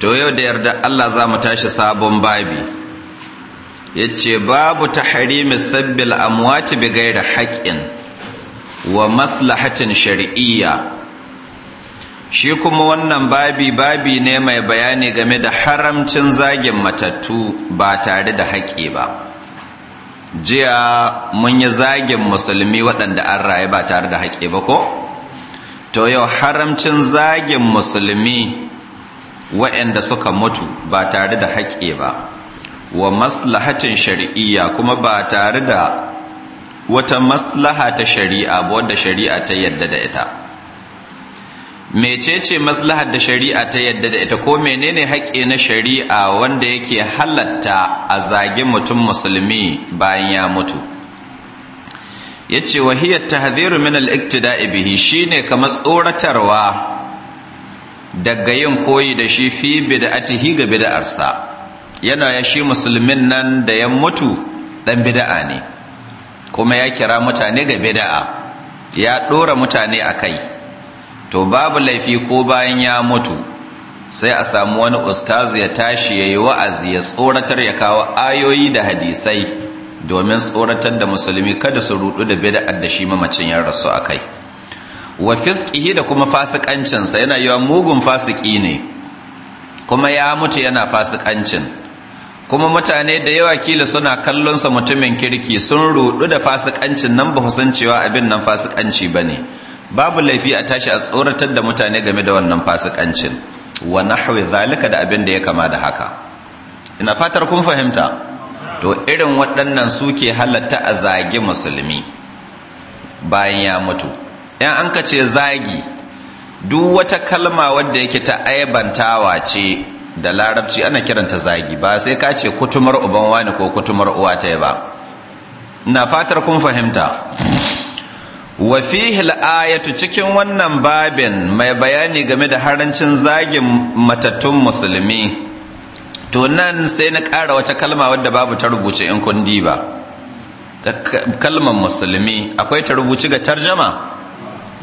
to yau da yarda Allah za mu tashi sabon babi yace babu tahrimi sabbil amwati bi ghairi haqqin wa maslahatin shar'iyya shi kuma wannan babi babi ne mai bayani game da haramcin zagin matattu ba tare da haƙƙi ba jiya mun yi zagin musulmi waɗanda an raye ba tare da haƙƙi ba ko to yau haramcin zagin musulmi waɗanda suka mutu ba tare da haƙƙe ba wa maslahatin shari'iyya kuma ba tare da wata maslaha ta shari'a ba wadda shari'a ta yadda da ita mecece maslahar da shari'a ta yadda da ita ko menene haƙe na shari'a wanda yake halatta a zage mutum musulmi bayan ya mutu yace wahiyat tahziru min al-iktida'i bihi shine kamar tsoratarwa daga yin koyi da shi fi bida'atihi ga bida'arsa yana ya shi musulmin nan da ya mutu dan bida'a ne kuma ya kira mutane ga bida'a. ya dora mutane a kai to babu laifi ko bayan ya mutu sai a samu wani ustazu ya tashi ya yi wa'azi ya tsoratar ya kawo ayoyi da hadisai domin tsoratar da musulmi kada su rudu da bida'ar da shi mamacin ya rasu a kai wa fiskihi da kuma fasikancinsa yana yiwa mugun fasiki ne kuma ya mutu yana fasikancin kuma mutane da yawa kila suna kallonsa mutumin kirki sun rudu da fasikancin nan ba san cewa abin nan fasikanci bane babu laifi a tashi a tsoratar da mutane game da wannan fasikancin wa nahwi zalika da abin da ya kama da haka ina fatar kun fahimta to irin waɗannan suke halatta a zage musulmi bayan ya mutu yan an ka ce zagi duk wata kalma wadda yake ta aibantawa ce da larabci ana kiranta zagi ba sai ka ce kutumar uban wani ko kutumar uwa ta ba na fatar kun fahimta wa fihi ayatu cikin wannan babin mai bayani game da harancin zagin matattun musulmi to nan sai na kara wata kalma wadda babu ta rubuce in kundi ba kalmar musulmi akwai ta rubuci ga tarjama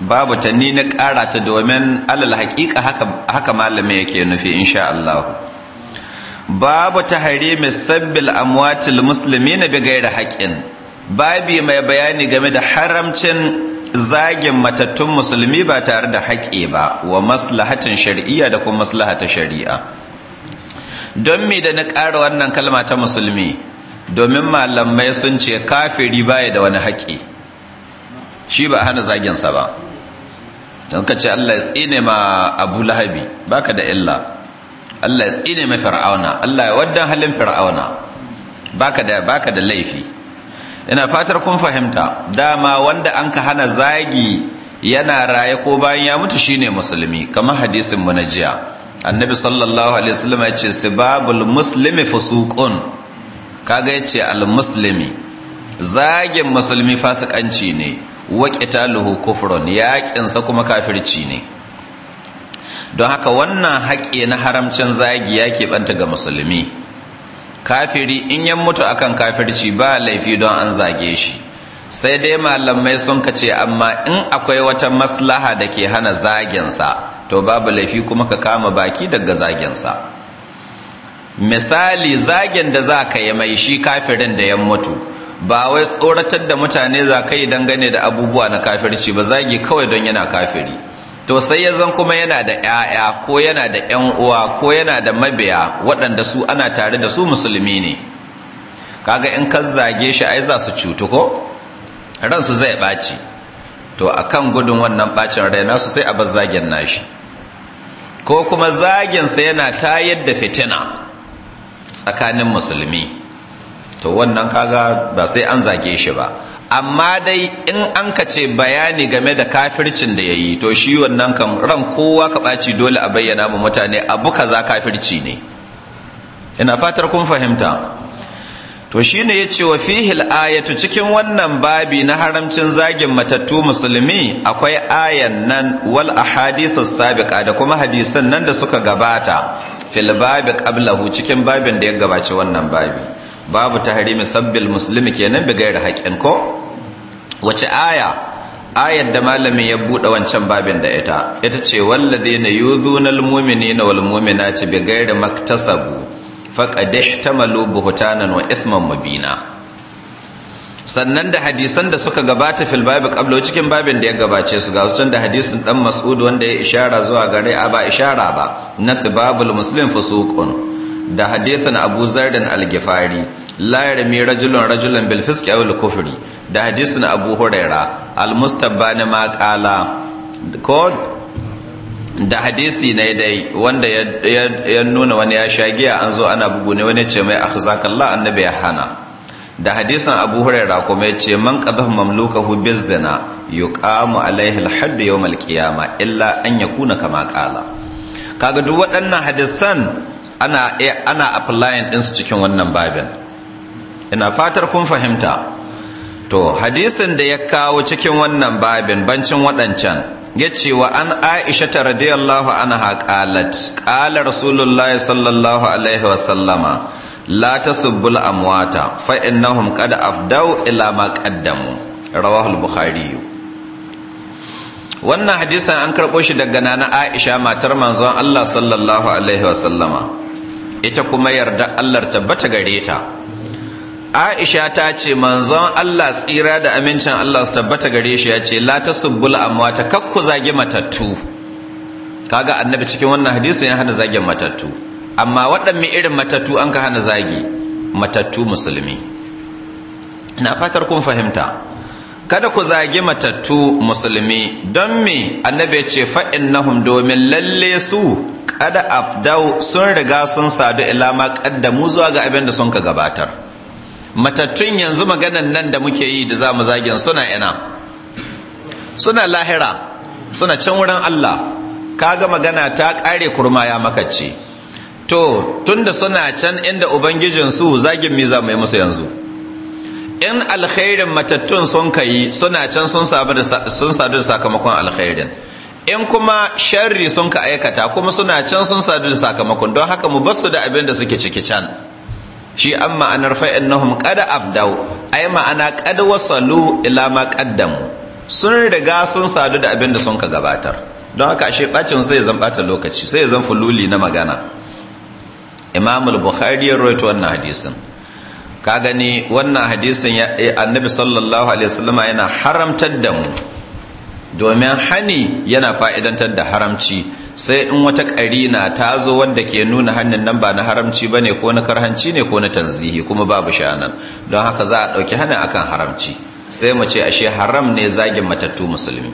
babu ta ni na ƙara ta domin alal haƙiƙa haka malamin yake nufi insha Allah babu ta hare mai sabbil amwatil musulmi na bigayar haƙin babi mai bayani game da haramcin zagin matattun musulmi ba tare da haƙe ba wa maslahatin shari'a da kuma maslahata shari'a don mi da na ƙara wannan kalma ta musulmi domin malamai sun ce kafiri baya da wani haƙe shi ba hana zaginsa ba don ka ce Allah ya tsine ma abu lahabi baka da illa Allah ya tsine ma fir'auna Allah ya waddan halin fir'auna baka da baka da laifi ina fatar kun fahimta dama wanda an ka hana zagi yana raye ko bayan ya mutu shine musulmi kamar hadisin mu na jiya annabi sallallahu alaihi wasallam ya ce sibabul muslimi fusuqun kaga yace al muslimi zagin musulmi fasikanci ne wa qitaluhu kufrun yaƙinsa kuma kafirci ne don haka wannan haƙƙi na haramcin zagi ya keɓanta ga musulmi kafiri in yan mutu akan kafirci ba laifi don an zage shi sai dai malamai sun ka ce amma in akwai wata maslaha da ke hana zagensa to babu laifi kuma ka kama baki daga zagensa misali zagen da za ka yi mai shi kafirin da yan mutu ba wai tsoratar da mutane za ka yi dangane da abubuwa na kafirci ba zagi kawai don yana kafiri to sai ya zan kuma yana da 'ya'ya ko yana da 'yan uwa ko yana da mabiya waɗanda su ana tare da su musulmi ne kaga in ka zage shi ai za su cutu ko ransu zai ɓaci to a kan gudun wannan ɓacin rai nasu sai a bar zagen nashi ko kuma zagensa yana tayar da fitina tsakanin musulmi to wannan kaga ba sai an zage shi ba amma dai in an ka ce bayani game da kafircin da ya yi to shi wannan kan ran kowa ka ɓaci dole a bayyana ma mutane abu kaza kafirci ne ina fatar kun fahimta to shi ne ya ce wa fihil ayatu cikin wannan babi na haramcin zagin matattu musulmi akwai ayan nan wal ahadithus sabika da kuma hadisan nan da suka gabata fil babi qablahu cikin babin da ya gabaci wannan babi babu tahrimi sabbil muslimi kenan bi gairi haƙin ko wace aya ayar da malamin ya buɗe wancan babin da ita ita ce wallazina yuzuna almu'minina wal mu'minati bi gairi maktasabu faqad ihtamalu buhtanan wa ithman mubina sannan da hadisan da suka gabata fil babu cikin babin da ya gabace su ga da hadisin dan mas'ud wanda ya ishara zuwa gare a ba ishara ba nasibabul muslim fusuqun da hadithin abu zardin AlGifari, layar mai rajulun rajulun belfiski a kufuri kufri da hadisin abu huraira al na makala da hadisi na dai wanda ya nuna wani ya shagiya an zo ana bugu ne wani ce mai an annabi ya hana da hadisan abu huraira kuma ya ce man qadhafa mamlukahu bizzina yuqamu alaihi al-hadd yawm al illa an yakuna kama qala kaga duk waɗannan hadisan ana ana applying din su cikin wannan babin ina fatar kun fahimta to hadisin da ya kawo cikin wannan babin bancin waɗancan ya ce wa an aisha ta radiyallahu anha qalat qala rasulullahi sallallahu alaihi wa sallama la tasubbul amwata fa innahum qad afdau ila ma qaddamu rawahu bukhari wannan hadisan an karɓo shi daga nana aisha matar manzon allah sallallahu alaihi sallama ita kuma yarda Allah ta bata gare ta Aisha ta ce manzon Allah tsira da amincin Allah su tabbata gare shi ya ce la amma amwata kakku zage matattu kaga annabi cikin wannan hadisi ya hana zage matattu amma mai irin matattu an ka hana zagi matattu musulmi na fatar kun fahimta kada ku zagi matattu musulmi don me annabi ce fa'innahum domin lalle su kada afdau sun riga sun sadu ila ma kaddamu zuwa ga abin da sun ka gabatar matattun yanzu maganan nan da muke yi da zamu zagin suna ina suna lahira suna can wurin Allah kaga magana ta kare kurma ya makacce to tunda suna can inda ubangijinsu zagin miza za mu yi musu yanzu in alkhairin matattun sun kai suna can sun sadu da sakamakon alkhairin in kuma sharri sun ka aikata kuma suna can sun sadu da sakamakon don haka mu basu da abin da suke cike can shi an ma'anar fa'in nahum kada abdau ai ma'ana kada wasalu ila ma kaddamu sun riga sun sadu da abin da sun ka gabatar don haka ashe bacin sai zan bata lokaci sai zan fululi na magana imam al-bukhari ya rawaito wannan hadisin ka gani wannan hadisin eh, annabi sallallahu alaihi wasallama yana haramtar da mu domin hani yana fa'idantar da haramci sai in wata ƙarina ta zo wanda ke nuna hannun nan ba na haramci ba ne ko na karhanci ne ko na tanzihi kuma babu shanan don haka za a ɗauki hana akan haramci sai mu ce ashe haram ne zagin matattu musulmi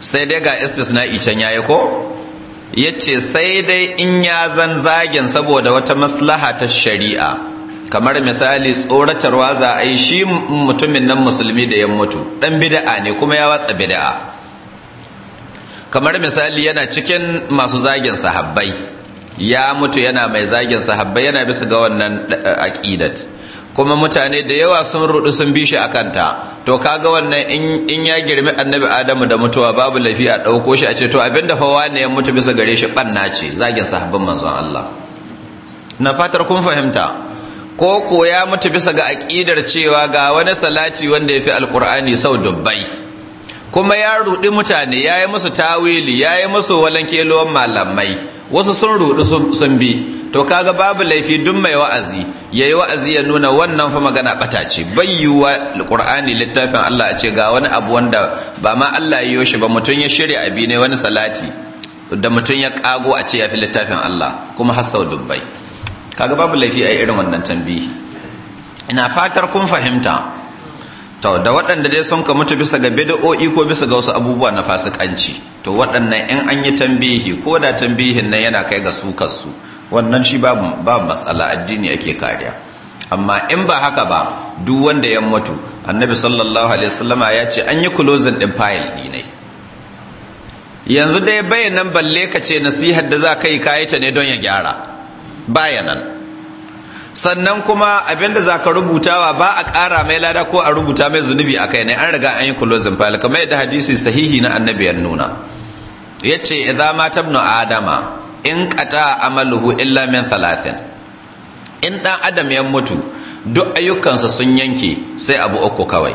sai dai ga istisna'i can yayi ko yace sai dai in ya zan zagin saboda wata maslaha ta shari'a kamar misali tsoratarwa za a yi shi mutumin nan musulmi da yan mutu ɗan bida'a ne kuma ya watsa bida'a. kamar misali yana cikin masu zagin sahabbai ya mutu yana mai zagin sahabbai yana bisa ga wannan eh, aqidat kuma mutane da yawa sun rudu sun bi shi akanta to kaga wannan in ya girmi annabi adamu da mutuwa babu lafiya a ɗauko shi a ce to abinda fa ne ya mutu bisa gare shi banna ce zagin sahabban manzon Allah na fatar kun fahimta ko ko ya mutu bisa ga aƙidar cewa ga wani salati wanda ya fi alƙur'ani sau dubbai kuma ya ruɗi mutane ya yi musu tawili ya yi musu luwan malamai wasu sun ruɗu sun bi to kaga babu laifi duk mai wa'azi ya yi wa'azi ya nuna wannan fa magana bata ce bayyuwa Alƙur'ani, littafin Allah a ce ga wani abu wanda ba ma Allah ya yi yaushe ba mutum ya shirya abi ne wani salati da mutum ya kago a ce ya fi littafin Allah kuma hasau dubbai kaga babu laifi a irin wannan tambihi ina fatar kun fahimta to da waɗanda dai sun ka mutu bisa ga bid'o'i ko bisa ga wasu abubuwa na fasikanci to waɗannan in an yi tambihi ko da tambihin nan yana kai ga su kasu wannan shi babu babu matsala addini ake kariya amma in ba haka ba duk wanda ya mutu annabi sallallahu alaihi wasallama ya ce an yi closing din file dinai yanzu dai bayanan balle ka ce nasihar da za ka yi ta ne don ya gyara bayanan sannan kuma abinda za ka rubutawa ba a ƙara mai lada ko a rubuta mai zunubi a kai ne an riga an yi kulozin fayil kamar yadda hadisi sahihi na annabi ya nuna ya ce idza ma tabnu adama in qata amaluhu illa min thalathin in dan adam ya mutu duk ayyukansa sun yanke sai abu uku kawai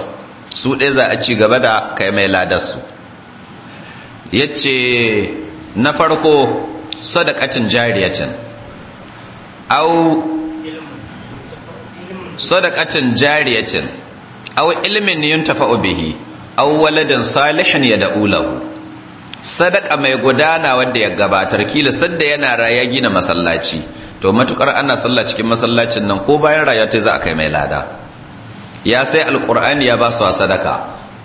su ɗaya za a ci gaba da kai mai ladarsu ya ce na farko sadakatin jariyatin au sadaqatin jariyatin aw ilmin yuntafa'u bihi aw waladin salihin yad'u lahu sadaqa mai gudana wanda ya gabatar kila sadda yana raya gina masallaci to matukar ana sallah cikin masallacin nan ko bayan raya ta za a kai mai lada ya sai alqur'ani ya ba su sadaka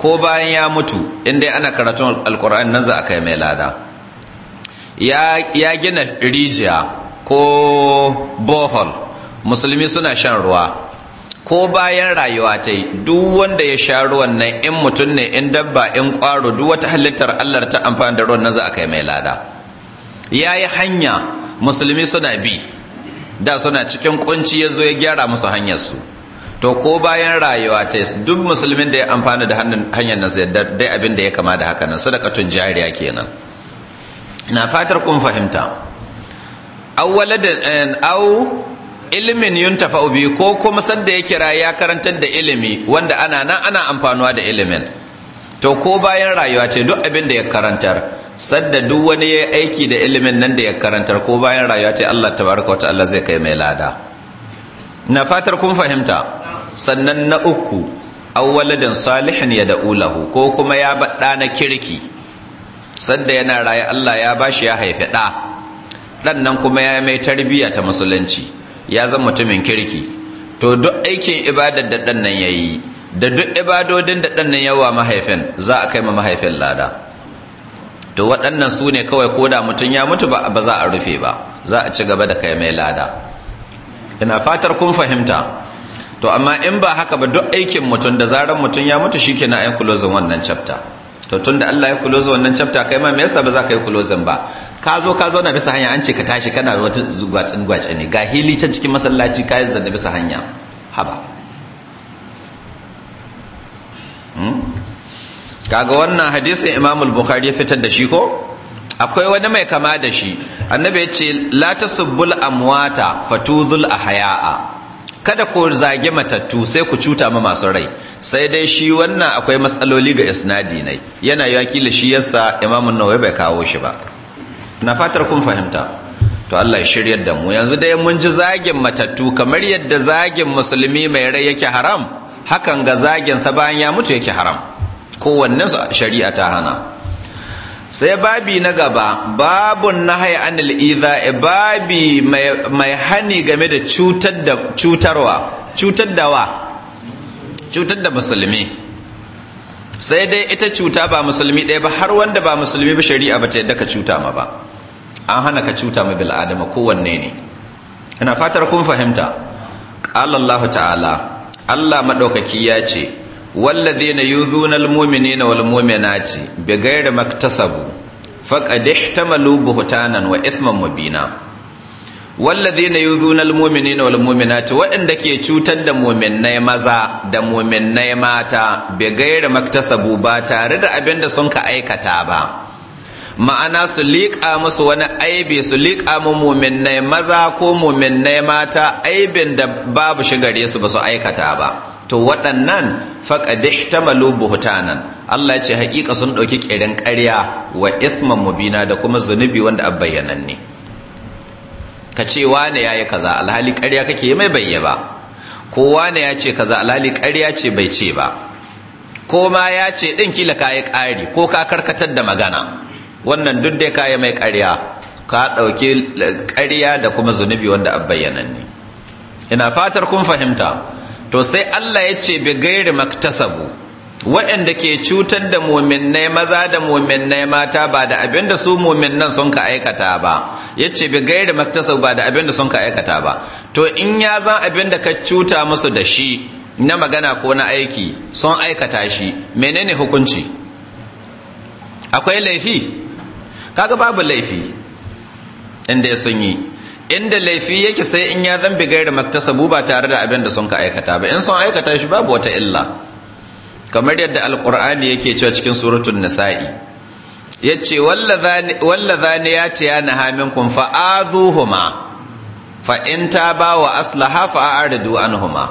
ko bayan ya mutu indai ana karatun alqur'ani nan za a kai mai lada ya gina rijiya ko bohol musulmi suna shan ruwa ko bayan rayuwa ta yi duk wanda ya sha ruwan nan in mutum ne in dabba in kwaro duk wata halittar allah ta amfani da ruwan nan za a kai mai lada ya yi hanya musulmi suna bi da suna cikin kunci ya zo ya gyara musu hanyarsu to ko bayan rayuwa ta duk musulmin da ya amfani da hanyar nasu yadda dai abin da ya kama da haka nan sadakatun jariya kenan na fatar kun fahimta aw eh, aw ilimin yuntafa bi ko kuma sanda ya kira ya karantar da ilimi wanda ana nan ana amfanuwa da ilimin to ko bayan rayuwa ce duk abin da ya karantar sadda duk wani ya aiki da ilimin nan da ya karantar ko bayan rayuwa ce Allah tabaraka wa ta'ala zai kai mai lada na fatar kun fahimta sannan na uku awwaladan salihin ya da'ulahu ko kuma ya baɗa na kirki sadda yana raye Allah ya bashi ya haifi ɗa dan nan kuma ya mai tarbiyya ta musulunci ya zama mutumin kirki to duk aikin ibadar da dan nan yayi da duk ibadodin da dan nan yawa mahaifin za a kai ma mahaifin lada to waɗannan su ne kawai da mutum ya mutu ba za a rufe ba za a ci gaba da kai mai lada ina fatar kun fahimta to amma in ba haka ba duk aikin mutum da zarar mutum ya mutu shi ke na ayan kulozin wannan chapter to da Allah ya kuloza wannan chapter kai ma me yasa ba za ka yi kulozan ba ka zo ka zauna bisa hanya an ce ka tashi kana wata gwatsin gwace ne ga hili can cikin masallaci ka yi zanne bisa hanya haba hmm? kaga wannan hadisin Imam al Bukhari ya fitar da shi ko akwai wani mai kama da shi annabi ya ce la tasubbul amwata fatuzul ahya'a kada ko zage matattu sai ku cuta ma masu rai sai dai shi wannan akwai matsaloli ga isnadi ne yana yi kila shi yasa imamun nawa bai kawo shi ba na fatar kun fahimta to Allah ya shiryar da mu yanzu dai mun ji zagin matattu kamar yadda zagin musulmi mai rai yake haram hakan ga zagin sa bayan ya mutu yake haram kowanne shari'a ta hana sai babi na gaba babun nahai anil e babi mai hani game da cutar cutarwa cutar da wa cutar da musulmi sai dai ita cuta ba musulmi ɗaya ba har wanda ba musulmi ba shari'a ba ta yadda ka cuta ma ba an hana ka cuta ma bil'adama kowanne ne ina fatar kun fahimta ƙalallahu ta'ala Allah madaukaki ya ce والذين يؤذون المؤمنين والمؤمنات بغير ما اكتسبوا فقد احتملوا بهتانا واثما مبينا والذين يؤذون المؤمنين والمؤمنات waɗanda ke cutar da mu'minnai maza da mu'minnai mata bigayar maktasabu ba tare da abin da sun ka aikata ba ma'ana su liƙa musu wani aibi su liƙa mu mu'minnai maza ko na mata aibin da babu shigare su ba su aikata ba to waɗannan ta ihtamalu nan, Allah ya ce haƙiƙa sun ɗauki ƙirin ƙarya wa ithman mubina da kuma zunubi wanda a ne. ka ce wane yi kaza alhali ƙarya kake mai bayye ba ko wane ya ce kaza alhali ƙarya ce bai ce ba ko ma ya ce ɗin kila ka yi ƙari ko ka karkatar da magana wannan duk dai ka yi mai ƙarya ka ɗauki ƙarya da kuma zunubi wanda a bayyananne ina fatar kun fahimta to sai Allah ya ce bi gairi maktasabu waɗanda ke cutar da muminnai maza da mominnai mata ba da abin da su mominnan sun ka aikata ba ya ce bi gairi maktasabu ba da abin da sun ka aikata ba to in ya zan abin da ka cuta musu da shi na magana ko na aiki sun aikata shi menene hukunci akwai laifi kaga babu laifi inda sun yi inda laifi yake sai in ya zambi gairar maktasabu ba tare da abin da sun ka aikata ba in sun aikata shi babu wata illa kamar yadda alkur'ani yake cewa cikin suratun nisa'i Ya ce yace wallazani ya ce ya hamin kun fa azuhuma fa in ba wa aslaha fa aridu huma.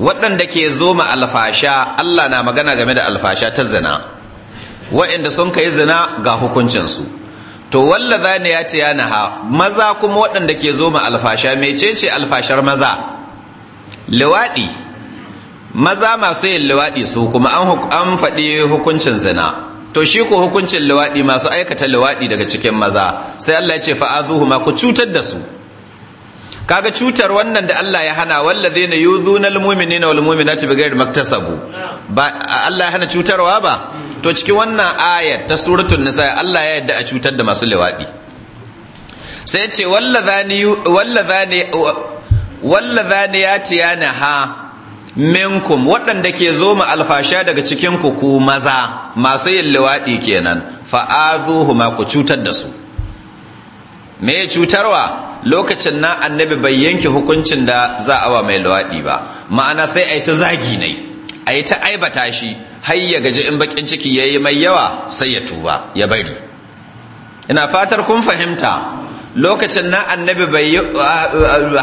waɗanda ke zo ma alfasha Allah na magana game da alfasha ta zina waɗanda sun kai zina ga hukuncinsu to walla ne ya ce ya naha maza kuma waɗanda ke zo ma alfasha mecece alfashar maza liwaɗi maza masu yin liwaɗi su kuma an faɗi hukuncin zina to shi ko hukuncin liwaɗi masu aikata liwaɗi daga cikin maza sai Allah ya ce fa'azuhu ma ku cutar da su kaga cutar wannan da Allah ya hana wallazina yuzuna almu'minina ci bighayri maktasabu ba Allah ya hana cutarwa ba to cikin wannan ayat ta suratul nisa Allah ya yarda a cutar da masu liwadi sai ce wallazani wallazani wallazani yatiyana ha minkum waɗanda ke zo ma alfasha daga cikin ku ku maza masu yin liwaɗi kenan fa'azuhuma ku cutar da su me cutarwa lokacin nan annabi bai yanke hukuncin da za a wa mai liwaɗi ba ma'ana sai a yi ta zagi ne a yi ta aibata shi har ya gaji in bakin ciki ya yi mai yawa sai ya tuba ya bari ina fatar kun fahimta lokacin na annabi bai yi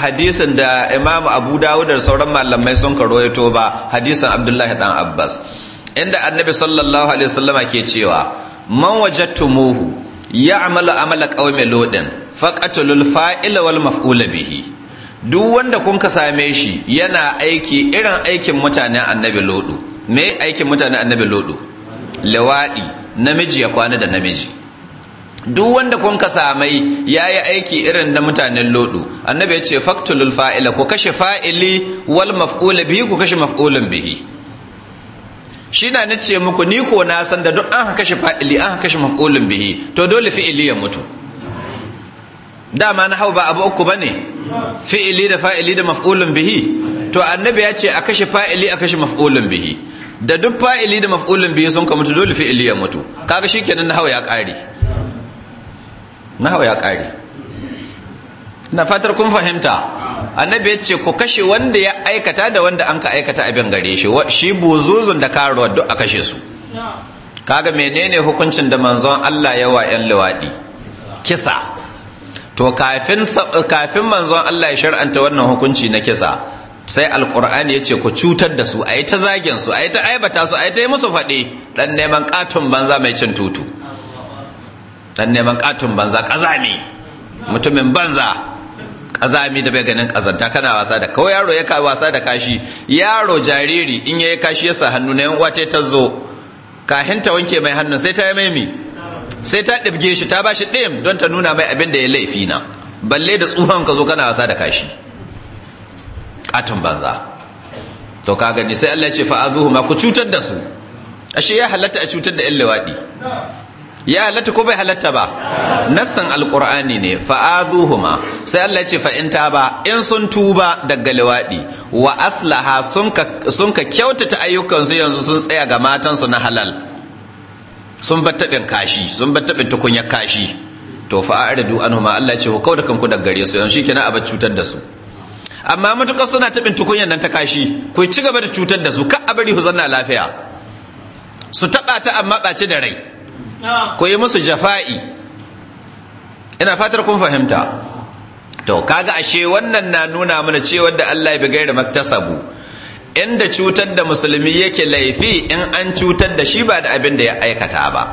hadisin da imam abu dawud da sauran malamai sun ya ba hadisin abdullahi dan abbas inda annabi sallallahu alaihi wasallama ke cewa man tumuhu ya amala amala qaumi lodin faqatul fa'ila wal maf'ula bihi duk wanda kun ka same shi yana aiki irin aikin mutanen annabi lodu me aikin mutanen annabi lodo lawadi namiji ya kwana da namiji duk wanda kun ka samai yayi aiki irin na mutanen lodo annabi ya ce faktulul fa'ila ko kashe fa'ili wal maf'ul bihi ko kashe maf'ulun bihi shi na nace muku ni ko na san da duk an kashe fa'ili an kashe maf'ulun bihi to dole fi'ili ya mutu dama na hau ba abu uku bane fi'ili da fa'ili da maf'ulun bihi to annabi ya ce a kashe fa'ili a kashe maf'ulun bihi da duk fa'ili da maf'ulun bihi sun ka mutu dole fi'ili ya mutu kaga shikenan nahawa ya kare nahawa ya ƙari na fatar kun fahimta annabi ya ce ku kashe wanda ya aikata da wanda an ka aikata abin gare shi shi buzuzun da karuwa duk a kashe su kaga menene hukuncin da manzon Allah ya wa yan luwadi kisa to kafin kafin manzon Allah ya shar'anta wannan hukunci na kisa sai alkur'ani ya ce ku cutar da su a yi ta zagin su a yi ta aibata su a yi ta yi musu faɗi ɗan neman ƙatun banza mai cin tutu ɗan neman ƙatun banza ƙazami mutumin banza ƙazami da bai ganin ƙazanta kana wasa da kawai yaro ya wasa da kashi yaro jariri in ya yi kashi ya sa hannu na yan uwa ta zo kahin ta wanke mai hannun sai ta yi mai mi sai ta ɗibge shi ta ba shi ɗim don ta nuna mai abin da ya laifi na balle da tsohon ka zo kana wasa da kashi katon banza to ka gani sai Allah ya ce fa'azuhu ma ku cutar da su ashe ya halatta a cutar da illawadi ya halatta ko bai halatta ba nassan alqur'ani ne ma sai Allah ya ce fa in ba in sun tuba daga lawadi wa aslaha sun ka sun ka kyautata ayyukan su yanzu sun tsaya ga matan su na halal sun bar tabin kashi sun bar tabin tukunyar kashi to fa a'ridu anhuma Allah ya ce ku kauda kanku daga gare su yanzu shikenan a bar cutar da su amma matuƙar suna taɓin tukunyan nan ta kashi ku ci gaba da cutar da su ka a bari zanna lafiya su taɓa ta amma ɓace da rai ku yi musu jafa'i ina fatar kun fahimta to kaga ashe wannan na nuna mana cewa da Allah ya bigaira maktasabu inda cutar da musulmi yake laifi in an cutar da shi ba da abin da ya aikata ba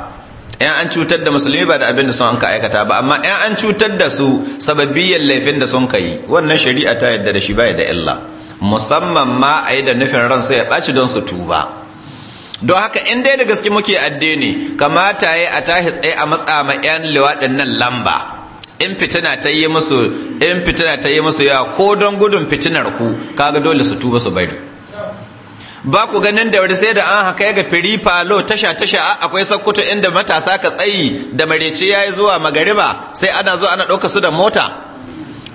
yan an cutar da musulmi ba da abin da sun ka aikata ba amma yan an cutar da su sababiyyar laifin da sun kai wannan shari'a ta yadda da shi ba da illa musamman ma a yi da nufin ran sai ya ɓaci don su tuba don haka in dai da gaske muke addini kamata ya a tahi tsaye a matsa ma yan liwaɗin nan lamba in fitina ta yi musu in fitina ta yi musu yawa ko don gudun fitinar ku kaga dole su tuba su bari ba ku ganin da wani sai da an haka ga firi falo tasha tasha akwai sakkuto inda matasa ka tsayi da marece yayi zuwa magariba sai ana zuwa ana ɗauka su da mota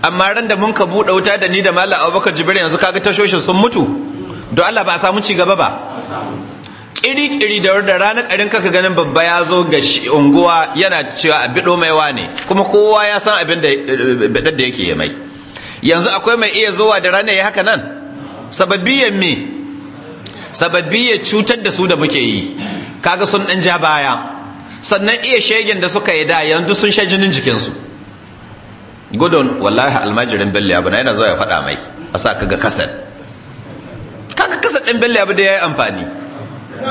amma ran da mun ka buɗe wuta da ni da mallam abubakar jibir yanzu kaga tashoshin sun mutu don allah ba a samu ci gaba ba kiri-kiri da da ranar ƙarin kaka ganin babba ya zo ga unguwa yana cewa a biɗo mai wane kuma kowa ya san abin da da yake yi mai yanzu akwai mai iya zuwa da ranar ya haka nan sababiyan me sababbi ya cutar da su da muke yi kaga sun dan ja baya sannan iya shegen da suka yi da yanzu sun sha jinin jikinsu gudun wallahi almajirin bello abu na yana zuwa ya faɗa mai a sa kaga kasar kaga kasar ɗin bello abu da ya yi amfani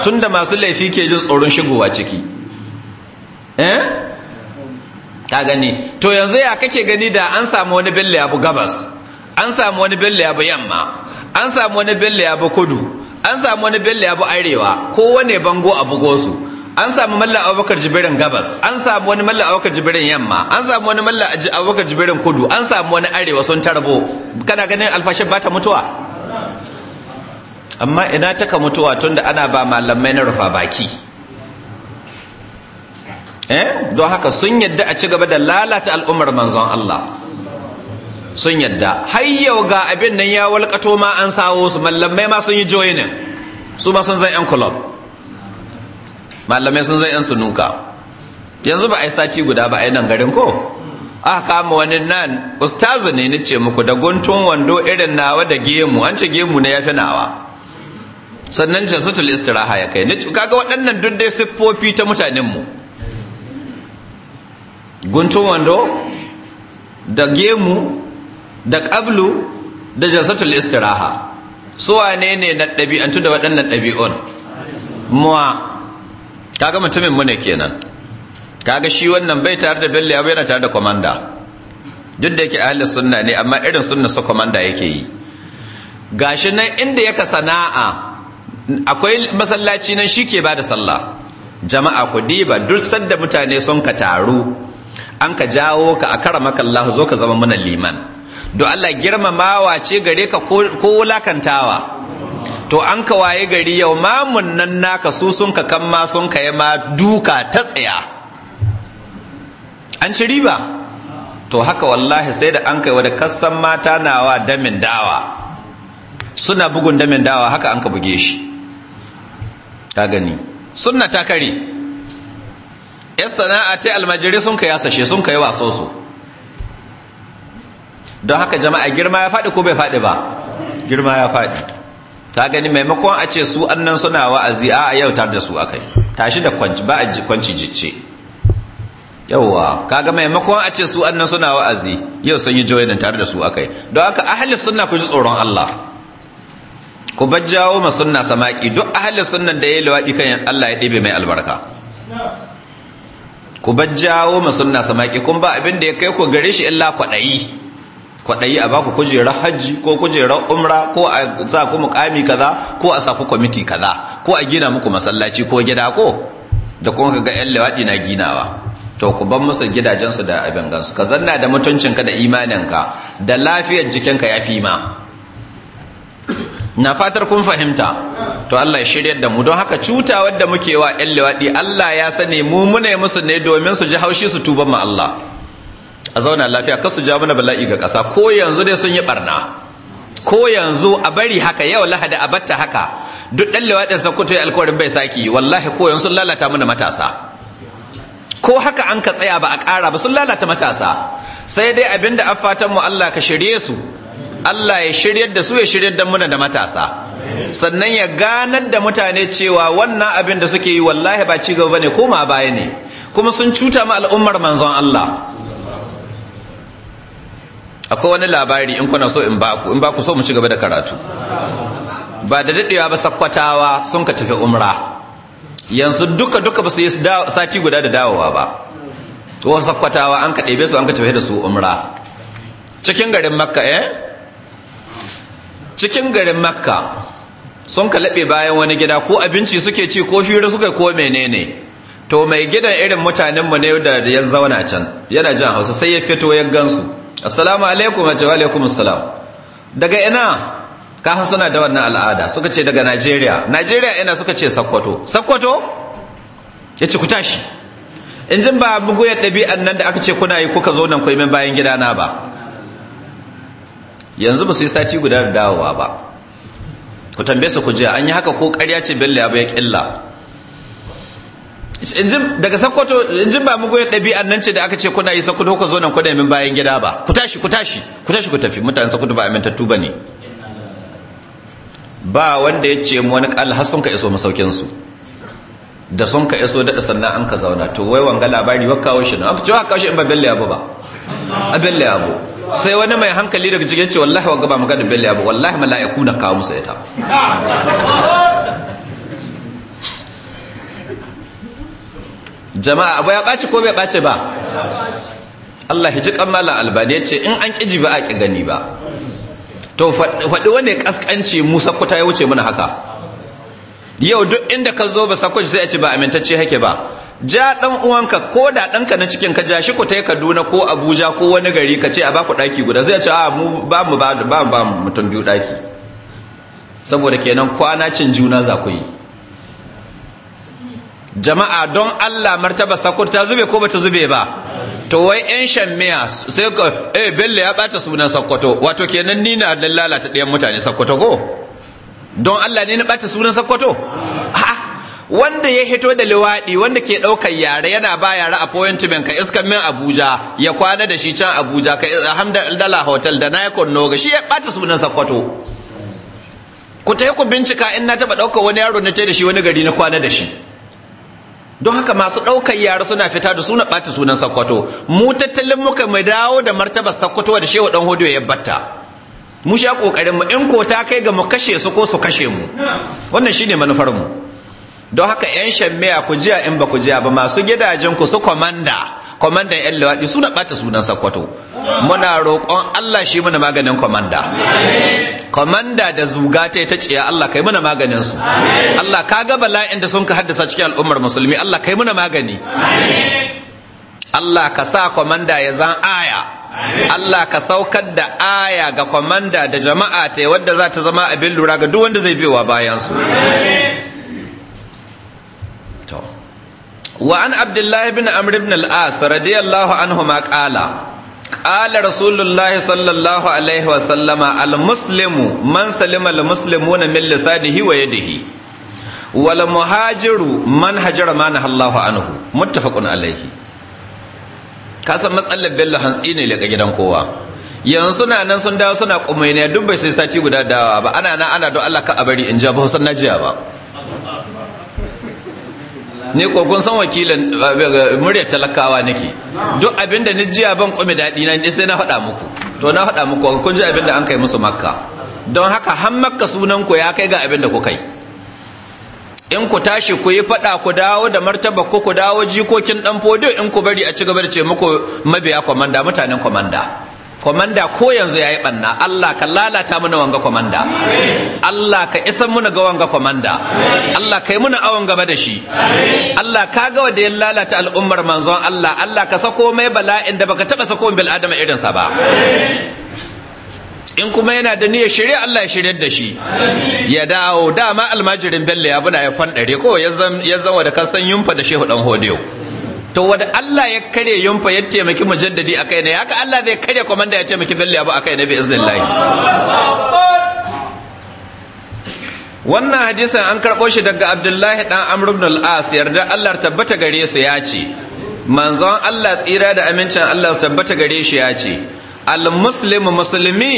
tun da masu laifi ke jin tsoron shigowa ciki eh ta gani to yanzu ya kake gani da an samu wani bello abu gabas an samu wani bello abu yamma an samu wani bello abu kudu an samu wani bello ya bu arewa kowane bango a bugo su an samu mallan abubakar jibirin gabas an samu wani mallan abubakar jibirin yamma an samu wani mallan abubakar jibirin kudu an samu wani arewa sun tarbo kana ganin alfashin ba ta mutuwa amma ina taka mutuwa tunda ana ba malamai na rufa baki eh don haka sun yadda a ci gaba da lalata al'ummar manzon Allah sun yadda har yau ga abin nan ya walƙato ma an sawo su mallamai ma sun yi joinin su ma sun zai yan club mallamai sun zai yan sunuka yanzu ba a yi sati guda ba a yi nan garin ko A kama wani nan ustazu ne nace muku da guntun wando irin nawa da gemu an ce gemu ne ya fi nawa sannan jansatul istiraha ya kai kaga waɗannan duk dai siffofi ta mutanenmu guntun wando da gemu da ƙablu da jasatul istiraha su wane ne na ɗabi'antu da waɗannan ɗabi'un muwa kaga mutumin muna kenan kaga shi wannan bai tare da belle ya yana tare da komanda duk da yake ahli sunna ne amma irin sunna su komanda yake yi gashi nan inda yaka sana'a akwai masallaci nan shi ke ba da sallah jama'a ku diba duk sadda mutane sun ka taru an ka jawo ka a kara maka Allah zo ka zama mana liman do Allah girmamawa ce gare ka ko wulakantawa to an ka waye gari yau mamun nan naka su sun ka kan ma sun ka ma duka ta tsaya an ci riba to haka wallahi sai da an kai wa da kassan mata nawa damin dawa suna bugun damin dawa haka an ka buge shi Ta gani suna ta kare yan sana'a ta almajiri sun ka yasashe sun ka yi waso su don haka jama'a girma ya faɗi ko bai faɗi ba girma ya faɗi ta gani maimakon a ce su annan suna wa'azi a yau tar da su akai tashi da kwanci ba a kwanci jicce yawwa kaga maimakon a ce su annan suna wa'azi yau sun yi joyin tare da su akai don haka ahli sunna ku ji tsoron Allah ku bajjawo ma sunna samaki duk ahali sunnan da ya lawadi kan Allah ya ɗebe mai albarka ku bajjawo ma sunna samaki kun ba abin da ya kai ku gare shi illa kwaɗayi kwaɗayi a baku kujerar hajji ko kujerar umra ko a sa ku mukami kaza ko a sa ku kwamiti kaza ko a gina muku masallaci ko gida ko da kuma ka ga yan lewaɗi na ginawa to ku ban musu gidajensu da abin gansu ka zanna da mutuncinka da imaninka da lafiyar jikinka ya fi ma na fatar kun fahimta to Allah ya shiryar da mu don haka cuta wadda muke wa yan lewaɗi Allah ya sani mu mune musu ne domin su ji haushi su tuba ma Allah a zauna lafiya kasu ja mana bala'i ga ƙasa ko yanzu ne sun yi barna ko yanzu a bari haka yau lahadi a batta haka duk ɗan lewaɗin sa kuto alkawarin bai saki wallahi ko yanzu sun lalata mana matasa ko haka an ka tsaya ba a ƙara ba sun lalata matasa sai dai abinda an fatan mu Allah ka shirye su Allah ya shiryar da su ya shiryar da muna da matasa sannan ya ganar da mutane cewa wannan abin da suke yi wallahi ba ci gaba ko koma baya ne kuma sun cuta ma al'ummar manzon Allah akwai wani labari in kuna so in baku in baku so mu ci gaba da karatu ba da dadewa ba sakkwatawa sun ka tafi umra yanzu duka duka ba su yi sati guda da dawowa ba wasu sakkwatawa an ka ɗebe su an ka tafi da su umra cikin garin makka eh cikin garin makka sun ka laɓe bayan wani gida ko abinci suke ci ko hira suka ko menene to mai gidan irin mutanenmu ne da ya zauna can yana jan hausa sai ya fito ya gansu assalamu alaikum a cewa alaikum assalam daga ina kafin suna da wannan al'ada suka ce daga najeriya najeriya ina suka ce sakkwato sakkwato ya ce ku tashi in jin ba bugu ya ɗabi'an nan da aka ce kuna yi kuka zo nan min bayan gidana ba yanzu ba su yi sati guda da dawowa ba ku tambaye su ku je an yi haka ko ƙarya ce bello ya bai ƙilla daga sakkwato injin ba mugoyar ɗabi'an nan ce da aka ce kuna yi sakkwato ku zo nan kuna min bayan gida ba ku tashi ku tashi ku tashi ku tafi mutane sakkwato ba amintattu ba ne ba wanda ya ce mu wani ƙal har sun ka iso masaukinsu da sun ka iso daɗa sannan an ka zauna to wai wanga labari wa kawo shi na aka ce wa kawo shi in ba bella yabo ba a belle yabo. sai wani mai hankali daga cikin ce wallahi wanga ba maganin belle yabo wallahi mala'iku na kawo musu ita jama'a abu ya ɓaci ko bai ɓace ba Allah hiji kammala albani ya ce in an ƙiji ba a ƙi gani ba to faɗi wani ƙasƙanci musa kuta ya wuce mana haka yau duk inda ka zo ba sakwaci sai a ce ba amintacce hake ba ja ɗan uwanka ko da ɗanka na cikin ka ja shi kuta ya kaduna ko abuja ko wani gari ka ce a baku ɗaki guda zai ce a mu ba mu ba mu mutum biyu ɗaki saboda kenan kwana cin juna za ku yi jama'a don Allah martaba sakur ta zube ko bata zube ba to wai yan shammiya sai ka eh bello ya bata sunan sakkwato wato kenan ni na dan lalata ɗayan mutane sakkwato ko don Allah ne na bata sunan sakkwato wanda ya hito da liwaɗi wanda ke ɗaukar yare yana ba yare a appointment ka iskan min abuja ya kwana da shi can abuja ka hamdan dala hotel da na yakon noga shi ya bata sunan sakkwato ku ta ku bincika in na taɓa ɗaukar wani yaro na ta da shi wani gari na kwana da shi don haka masu ɗaukar yara suna fita da suna ɓata sunan sakkwato mu tattalin muka mu dawo da martabar sakkwato da shehu ɗan hodo ya batta mu sha ƙoƙarin mu in ko ta kai ga mu kashe su ko su kashe mu wannan shine manufar mu don haka yan shammiya ku jiya in ba ku jiya ba masu gidajen ku su kwamanda. kwamandan yan lewaɗi suna ɓata sunan sakkwato muna roƙon allah shi muna maganin kwamanda kwamanda da zuga ta ta ciya allah kai muna maganin su allah ka ga bala'in da sun ka haddasa cikin al'ummar musulmi allah kai muna magani allah ka sa kwamanda ya zan aya Allah ka saukar da aya ga kwamanda da jama'a ta yi wadda za ta zama abin lura ga duk wanda zai biyowa bayansu. Wa'an Abdullahi bin Amri bin al-As, radiallahu anhu ma qala, qalar su lullahi sallallahu alaihi wa sallama al-musulimu man Salim al-musulimu na Mille Sadihi waye da Wal muhajiru man Hajara man Hallahu anhu, mutu alaihi. Ka san Bello Hantsi ne leƙe gidan kowa. Yanzu suna nan sun dama suna ƙaumainaya dubbai sai sati guda dawa. Ba ana na ana don Allah ka abari in ja ba hosan jiya ba. ne ko san wakilin murya talakawa nake duk abinda ni jiya ban kome daɗi na sai na faɗa muku to na faɗa muku kun ji abinda an kai musu makka don haka har makka sunan ku ya kai ga abinda ku kai in ku tashi ku yi faɗa ku dawo da martaba ku ku dawo jikokin ɗan fodo in ku bari a ci gaba da ce muku mabiya kwamanda mutanen kwamanda komanda ko yanzu ya yi ɓanna Allah ka lalata muna wanga komanda Allah ka isan muna ga wanga komanda Allah ka yi muna awon gaba da shi Allah ka ga wanda ya lalata al'ummar manzon Allah Allah ka sako mai bala'in da baka taɓa sako bil adama sa ba in kuma yana da niyyar shirya Allah ya shiryar da shi ya dawo dama almajirin bello ya buna ya fandare ko ya zama da kasan yumfa da shehu dan hodeo to wanda Allah ya kare yunfa ya taimaki mujaddadi a kai ne haka Allah zai kare komanda ya taimaki bello abu a kai ne bi iznillahi wannan hadisin an karɓo shi daga abdullahi dan amr ibn al-as yarda Allah tabbata gare su ya ce manzon Allah tsira da amincin Allah tabbata gare shi ya ce al-muslim musulmi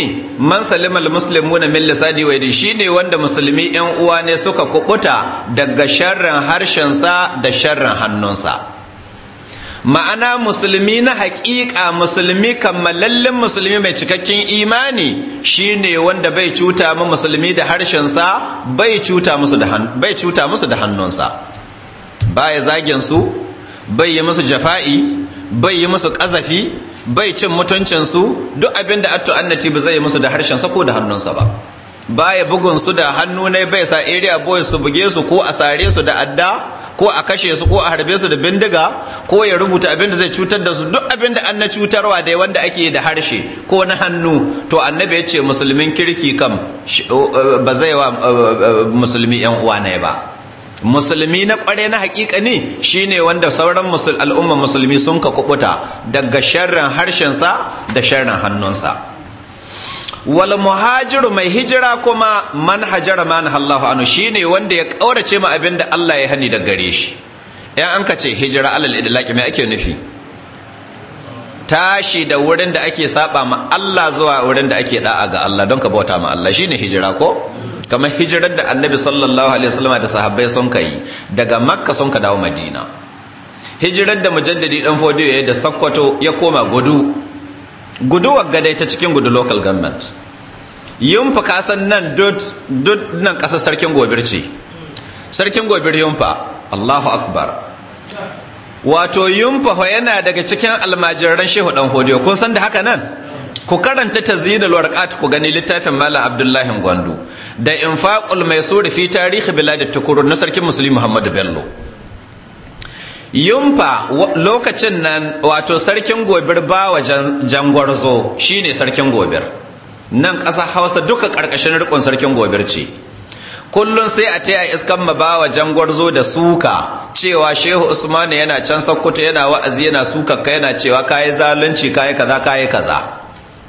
man salima al-muslimuna min lisani wa shine wanda musulmi yan uwa ne suka kubuta daga sharrin sa da sharrin sa. ma'ana musulmi na haƙiƙa musulmi kammalallin musulmi mai cikakken imani shine wanda bai cuta mu musulmi da harshensa bai cuta musu da hannunsa baya zagin su bai yi musu jafa'i bai yi musu ƙazafi bai cin mutuncinsu duk abin da attu annati ba zai yi musu da harshensa ko da hannunsa ba baya bugun su da hannu ne bai sa area boys su buge su ko a sare su da adda ko a kashe su ko a harbe su da bindiga ko ya rubuta abin da zai cutar da su duk abin da an na cutarwa dai wanda ake da harshe ko na hannu to annabi ya ce musulmin kirki kam ba zai wa musulmi yan uwa ne ba musulmi na kware na hakika ne shine wanda sauran al'umma musulmi sun ka kubuta daga sharrin sa da sharrin hannunsa wal muhajiru mai hijira kuma man hajara man Allahu anhu shine wanda ya kaurace ma abin da Allah ya hani da gare shi ɗan an ka ce hijira alal idlaki mai ake nufi tashi da wurin da ake saba ma Allah zuwa wurin da ake da'a ga Allah don ka bauta ma Allah shine hijira ko kamar hijirar da annabi sallallahu alaihi wasallam da sahabbai sun kai daga makka sun ka dawo madina hijirar da mujaddadi dan fodiyo ya da sakkwato ya koma gudu guduwar gadai ta cikin gudu local government yunfa kasan nan duk nan kasar sarkin gobir ce sarkin gobir yunfa allahu akbar wato yunfa yana daga cikin almajiran shehu dan hodiyo kun san da haka nan ku karanta tazyidul warqat ku gani littafin malam abdullahi gwandu da infaqul mai surufi tarihi da tukuru na sarkin musulmi muhammadu bello yumfa lokacin nan wato sarkin gobir ba wa jangwarzo shine sarkin gobir nan ƙasa hausa duka ƙarƙashin rikon sarkin gobir ce kullum sai a ta a iskan ma ba wa jangwarzo da suka cewa shehu usmanu yana can sakkuta yana wa'azi yana suka ka yana cewa kayi zalunci kayi kaza kayi kaza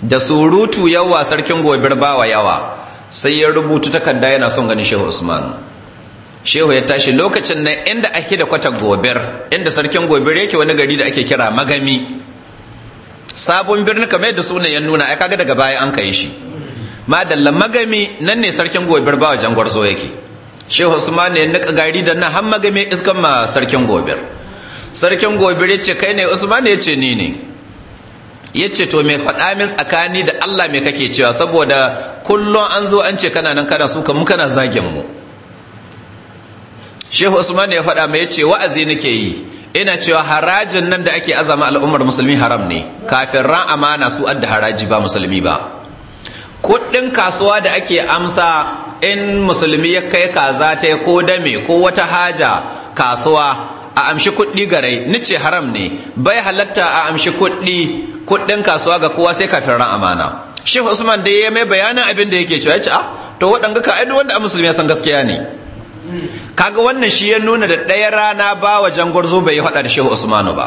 da surutu yawa sarkin gobir ba wa yawa sai ya rubuta takarda yana son gani shehu usmanu shehu ya tashi lokacin nan inda ake da kwata gobir inda sarkin gobir yake wani gari da ake kira magami sabon birni kamar yadda suna ya nuna ai kaga daga baya an kai shi madalla magami nan ne sarkin gobir ba wajen gwarzo yake shehu usman ne nika gari da nan har magami iskan ma sarkin gobir sarkin gobir ya ce kai ne usman ya ce ni ne ya ce to mai faɗa min tsakani da allah mai kake cewa saboda kullum an zo an ce kana nan kana suka mu kana zagin mu shehu usman ya faɗa mai ce wa'azi nake yi ina cewa harajin nan da ake azama al'ummar musulmi haram ne kafin ran amana su adda haraji ba musulmi ba kuɗin kasuwa da ake amsa in musulmi ya kai kaza ta ko dame ko wata haja kasuwa a amshi kuɗi garai ni ce haram ne bai halatta a amshi kuɗi kuɗin kasuwa ga kowa sai kafin ran amana shehu usman da ya mai bayanin abin da yake cewa ya ce a, ah, to waɗanga ka aidu wanda a musulmi ya san gaskiya ne kaga wannan shi ya nuna da ɗaya rana ba wa jangwarzo bai yi haɗa da shehu usmanu ba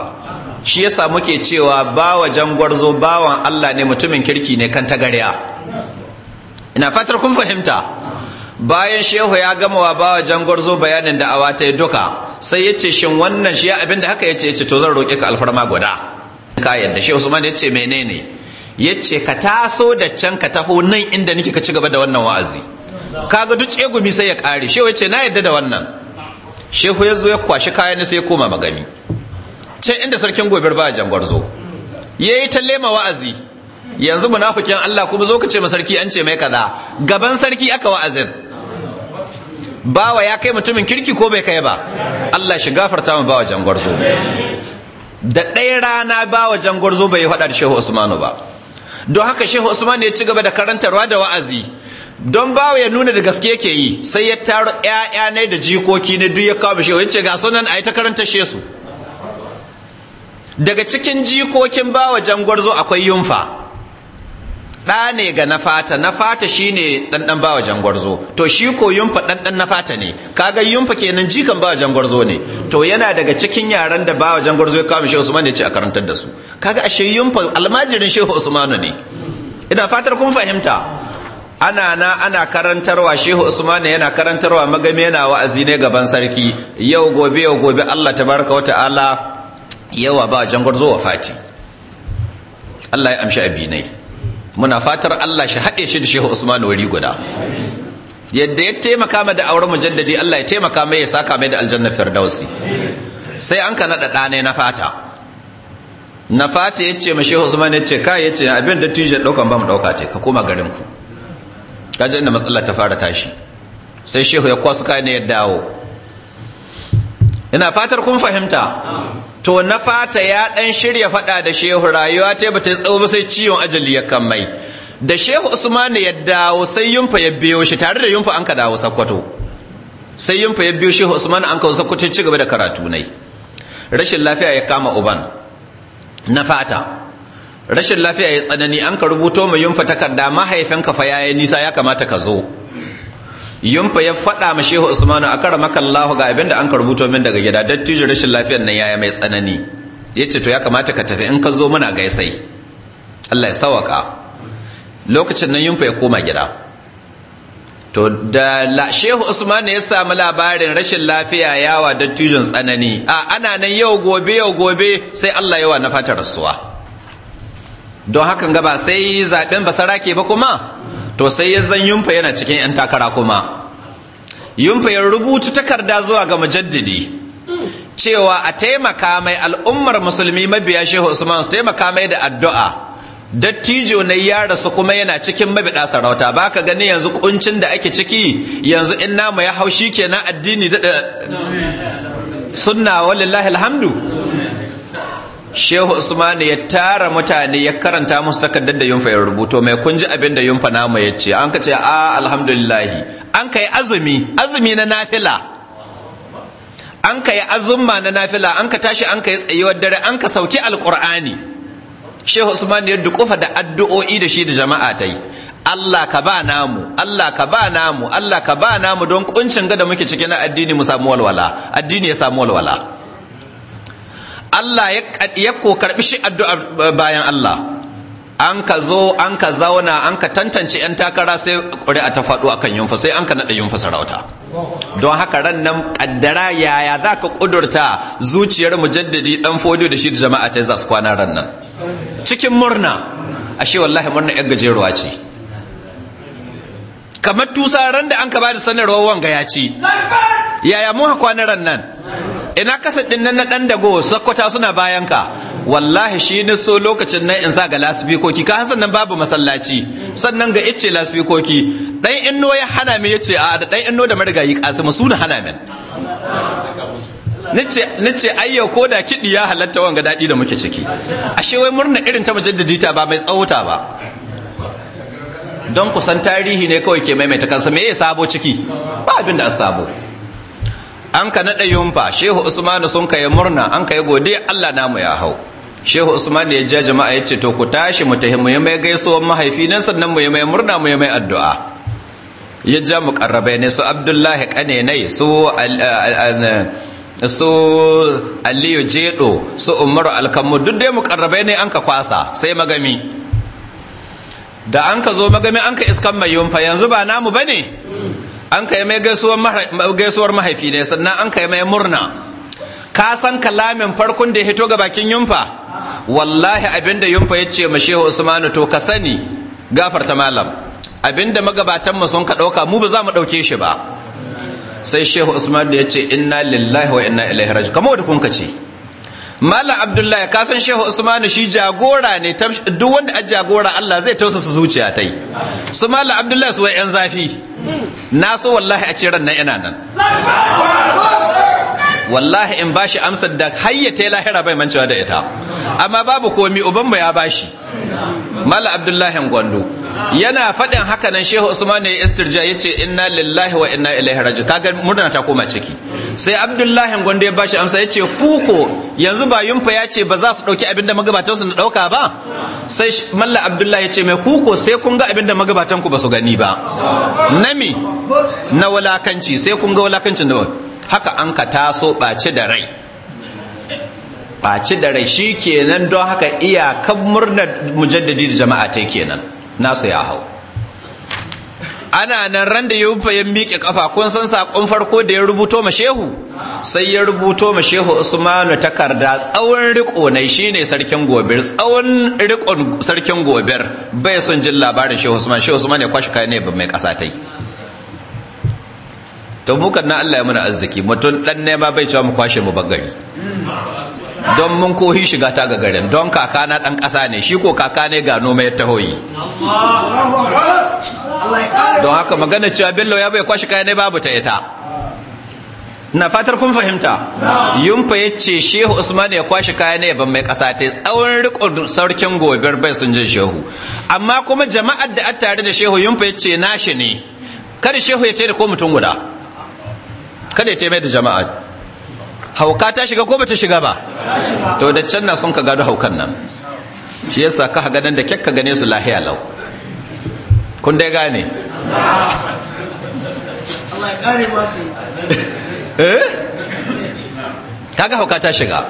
shi ya yasa muke cewa ba wa jangwarzo bawan allah ne mutumin kirki ne kan tagarya ina fatar kun fahimta bayan shehu ya gama wa ba wa jangwarzo bayanin da awa ta duka sai ya ce shin wannan shi abin da haka ya ce to zan roƙe ka alfarma guda kayan da shehu usman ya ce menene ya ce ka taso da can ka taho nan inda nake ka ci gaba da wannan wa'azi kaga duk tsegumi sai ya kare shehu ce na yadda da wannan shehu ya zo ya kwashi kayan sai ya koma magami can inda sarkin gobir ba Ya yayi talle ma wa'azi yanzu munafikin Allah kuma zo ka ce sarki an ce mai kaza gaban sarki aka wa'azin bawa ya kai mutumin kirki ko bai kai ba Allah shi gafarta mu bawa jangwarzo da ɗaya rana bawa gwarzo bai faɗa da Shehu Usmanu ba don haka Shehu Usmanu ya ci gaba da karantarwa da wa'azi don bawa ya nuna da gaske yake yi sai ya taro ƴaƴa ne da jikoki ne duk ya kawo bishe wace ga sunan ayi ta karanta she su daga cikin jikokin bawa jangwarzo akwai yunfa ɗa ne ga na fata na fata shine ɗanɗan bawa jangwarzo to shi ko yunfa ɗanɗan na fata ne kaga yunfa kenan jikan bawa jangwarzo ne to yana daga cikin yaran da bawa jangwarzo ya kawo bishe usman ya ce a karantar da su kaga ashe yunfa almajirin shehu usmanu ne ina fatar kun fahimta ana na ana karantarwa shehu usmani yana karantarwa magami yana wa'azi ne gaban sarki yau gobe yau gobe allah tabaraka wa ta'ala yawa ba jangar zuwa fati allah ya amshi abinai muna fatar allah shi haɗe shi da shehu usmani wuri guda yadda ya taimaka mai da auren mujalladi allah ya taimaka mai ya saka mai da aljanna firdausi sai an ka naɗa ɗane na fata na fata ya ce ma shehu usmani ya ce kai ya ce abin da tijar ɗaukan ba mu ɗauka ce ka koma garinku kaji inda matsalar ta fara tashi sai shehu ya kwasu ne ya dawo ina fatar kun fahimta to na fata ya dan shirya fada da shehu rayuwa ta bata yi tsawo ba sai ciwon ajali ya kan mai da shehu usmani ya dawo sai yunfa ya biyo shi tare da yunfa an ka dawo sakkwato sai yunfa ya biyo shehu usmani an ka sakkwato ci gaba da karatu nai rashin lafiya ya kama uban na fata rashin lafiya ya tsanani an ka rubuto mai yunfa takarda mahaifinka fa yayi nisa ya kamata ka zo yunfa ya faɗa ma shehu usmanu a kara makallahu ga abin da an ka rubuto min daga gida dattijo rashin lafiyar nan yaya mai tsanani ya ce to ya kamata ka tafi in ka zo muna gaisai allah ya sawaka lokacin nan yunfa ya koma gida to da shehu usmanu ya samu labarin rashin lafiya yawa dattijon tsanani a ana nan yau gobe yau gobe sai allah yawa na fata rasuwa don hakan gaba sai zaben ke ba kuma to sai ya zan yumfa yana cikin 'yan takara kuma yumfa ya rubutu takarda zuwa ga mujaddadi? cewa a taimaka mai al'ummar musulmi mabiya shehu usman su taimaka mai da addu'a dattijo na ya rasu kuma yana cikin mabiɗa sarauta ba ka gani yanzu kuncin da ake ciki yanzu in namu ya haushi kenan addini da sunna walillahi alhamdu shehu usman ya tara mutane ya karanta musu takardar da yunfa ya rubuto mai kun ji abin da yunfa namu ya ce an ka ce a alhamdulillah an kai azumi azumi na nafila an kai azumma na nafila an ka tashi an kai tsayuwar dare an ka sauki alqur'ani shehu usman ya dukufa da addu'o'i da shi da jama'a ta yi Allah ka ba namu Allah ka ba namu Allah ka ba namu don kuncin ga da muke cike na addini mu samu walwala addini ya samu walwala Allah ya ko karbi shi addu'ar bayan Allah an ka zo an ka zauna an ka tantance 'yan takara sai ƙuri'a ta faɗo akan yunfa sai an ka naɗa yunfa sarauta don haka ran nan ƙaddara yaya za ka ƙudurta zuciyar mujaddadi ɗan fodo da shi da jama'a ta za su kwana ran nan cikin murna ashe wallahi murna 'yan gajeruwa ce kamar tusa ran da an ka ba da sanarwar wanga ya ce. yaya mun kwana ran nan ina kasa din nan na dan dago sakkwata suna bayan ka wallahi shi ne so lokacin nan in sa ga lasfikoki ka hasan nan babu masallaci sannan ga icce lasfikoki dan inno ya hana mi yace a da dan inno da marigayi kasimu su na hana min nace nace ayyo ko da kidi ya halatta wanga dadi da muke ciki ashe wai murna irin ta mujaddidi ta ba mai tsawuta ba don kusan tarihi ne kawai ke maimaita kansa me ya sabo ciki ba abin da sabo an ka naɗa yunfa shehu usman sun kai murna an kai godiya allah namu ya hau shehu usman ya ja jama'a ya ce to ku tashi mu tahi mu yi mai gaisuwar mahaifi nan sannan mu yi mai murna mu yi mai addu'a ya ja mu karrabai ne su abdullahi kanenai su su aliyu jedo su umaru alkamu duk dai mu karrabai ne an ka kwasa sai magami da an ka zo magami an ka iskan mai yunfa yanzu ba namu bane an kai mai gaisuwar mahaifi ne sannan an kai mai murna ka san kalamin farkon da ya hito ga bakin yumfa wallahi abinda yumfa ya ce ma shehu usmanu to ka sani gafarta malam abinda magabatan mu sun ka dauka mu ba za mu dauke shi ba sai shehu usmanu ya ce inna lillahi wa inna ilaihi raji kamar da kun ka ce Malam Abdullahi ka san Shehu Usmanu shi jagora ne duk wanda a jagora Allah zai tausasa zuciya ta yi. Su Malam Abdullahi su wai 'yan zafi. na so wallahi a ce ran nan ina nan wallahi in bashi amsar da hayyata lahira bai mancewa da ita amma babu komi ubanmu ya bashi mala abdullahi gwando yana faɗin haka nan shehu usman ne istirja ya ce inna lillahi wa inna ilaihi raji kaga murna ta koma ciki sai abdullahi gwando ya bashi amsa ya ce kuko yanzu ba yunfa ya ce ba za su ɗauki abin da magabatansu na ɗauka ba sai malla abdullahi ya ce mai kuko sai kun ga abinda magabatan ku ba su gani ba nami na walakanci sai kun ga walakancin da haka an ka taso ɓace da rai ɓace da rai shi kenan don haka iyakan murnar mujaddadi da jama'a ta kenan nasu ya hau ana nan ran da yufa ya miƙe kafa kun san sakon farko da ya rubuto ma shehu sai ya rubuto ma shehu usmanu takarda tsawon riko ne sarkin gobir tsawon rikon sarkin gobir bai son jin labarin shehu usman shehu usman ya kwashi kai ne ba mai kasa tai to mu kan na Allah ya muna arziki mutum dan ne bai cewa mu kwashe mu bagari don mun kohi shiga ta ga garin don kaka na dan kasa ne shi ko kaka ne ga noma ya tahoyi don haka magana cewa bello ya bai kwashi kaya ne babu ta ita na fatar kun fahimta yun ya ce shehu usman ya kwashi kaya ne ban mai kasa ta tsawon rikon sarkin gobe bai sun jin shehu amma kuma jama'ar da an tare da shehu yun ya ce nashi ne kada shehu ya ce da ko mutum guda kada ya ce mai da jama'a hauka ta shiga ko bata shiga ba to da can na son ka gado haukan nan shi yasa ka haga nan da ka gane su lahiya lau kun dai gane eh kaga hauka ta shiga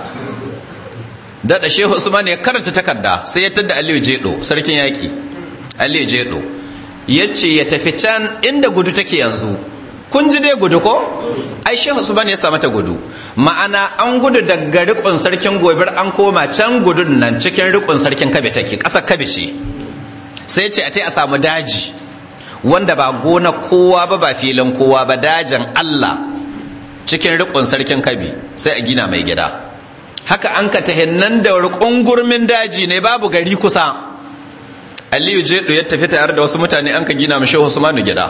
daɗa shehu usman ya karanta takarda sai ya tadda aliyu jedo sarkin yaƙi aliyu jedo ya ce ya tafi can inda gudu take yanzu kun ji dai gudu ko ai shehu su bane ya sa mata gudu ma'ana an gudu daga rikon sarkin gobir an koma can gudun nan cikin rikon sarkin kabe take ƙasa kabe ce sai ce a ce a samu daji wanda ba gona kowa ba ba filin kowa ba dajin Allah cikin rikon sarkin kabe sai a gina mai gida haka an ka nan da rikon gurmin daji ne babu gari kusa Aliyu je ya tafi tare da wasu mutane an ka gina mashi manu gida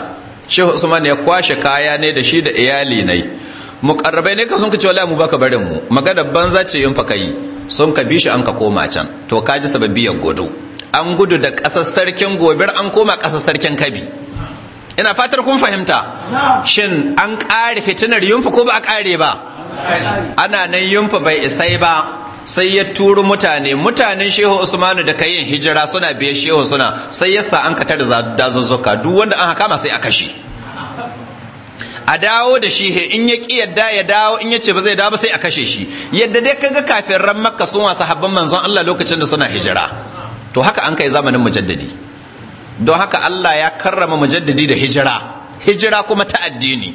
shehu usman ya kwashe kaya ne da shi da iyali ne mukarrabai ne ka sun ka ce wallahi mu baka barin mu magana banza ce yin yi. sun ka bishi an ka koma can to ka ji ya godo an gudu da ƙasar sarkin gobir an koma ƙasar sarkin kabi ina fatar kun fahimta shin an ƙare fitinar yunfa ko ba a ƙare ba ana nan yunfa bai isai ba sai ya turu mutane mutanen shehu usmanu da kayin hijira suna biye shehu suna sai ya sa an katar dazuzzuka duk wanda an kama sai a kashe a dawo da shi he in ya ki yadda ya dawo in ya ce ba zai dawo ba sai a kashe shi yadda dai kaga kafin ran makka sun wasa habban manzon Allah lokacin da suna hijira to haka an kai zamanin mujaddadi don haka Allah ya karrama mujaddadi da hijira hijira kuma ta addini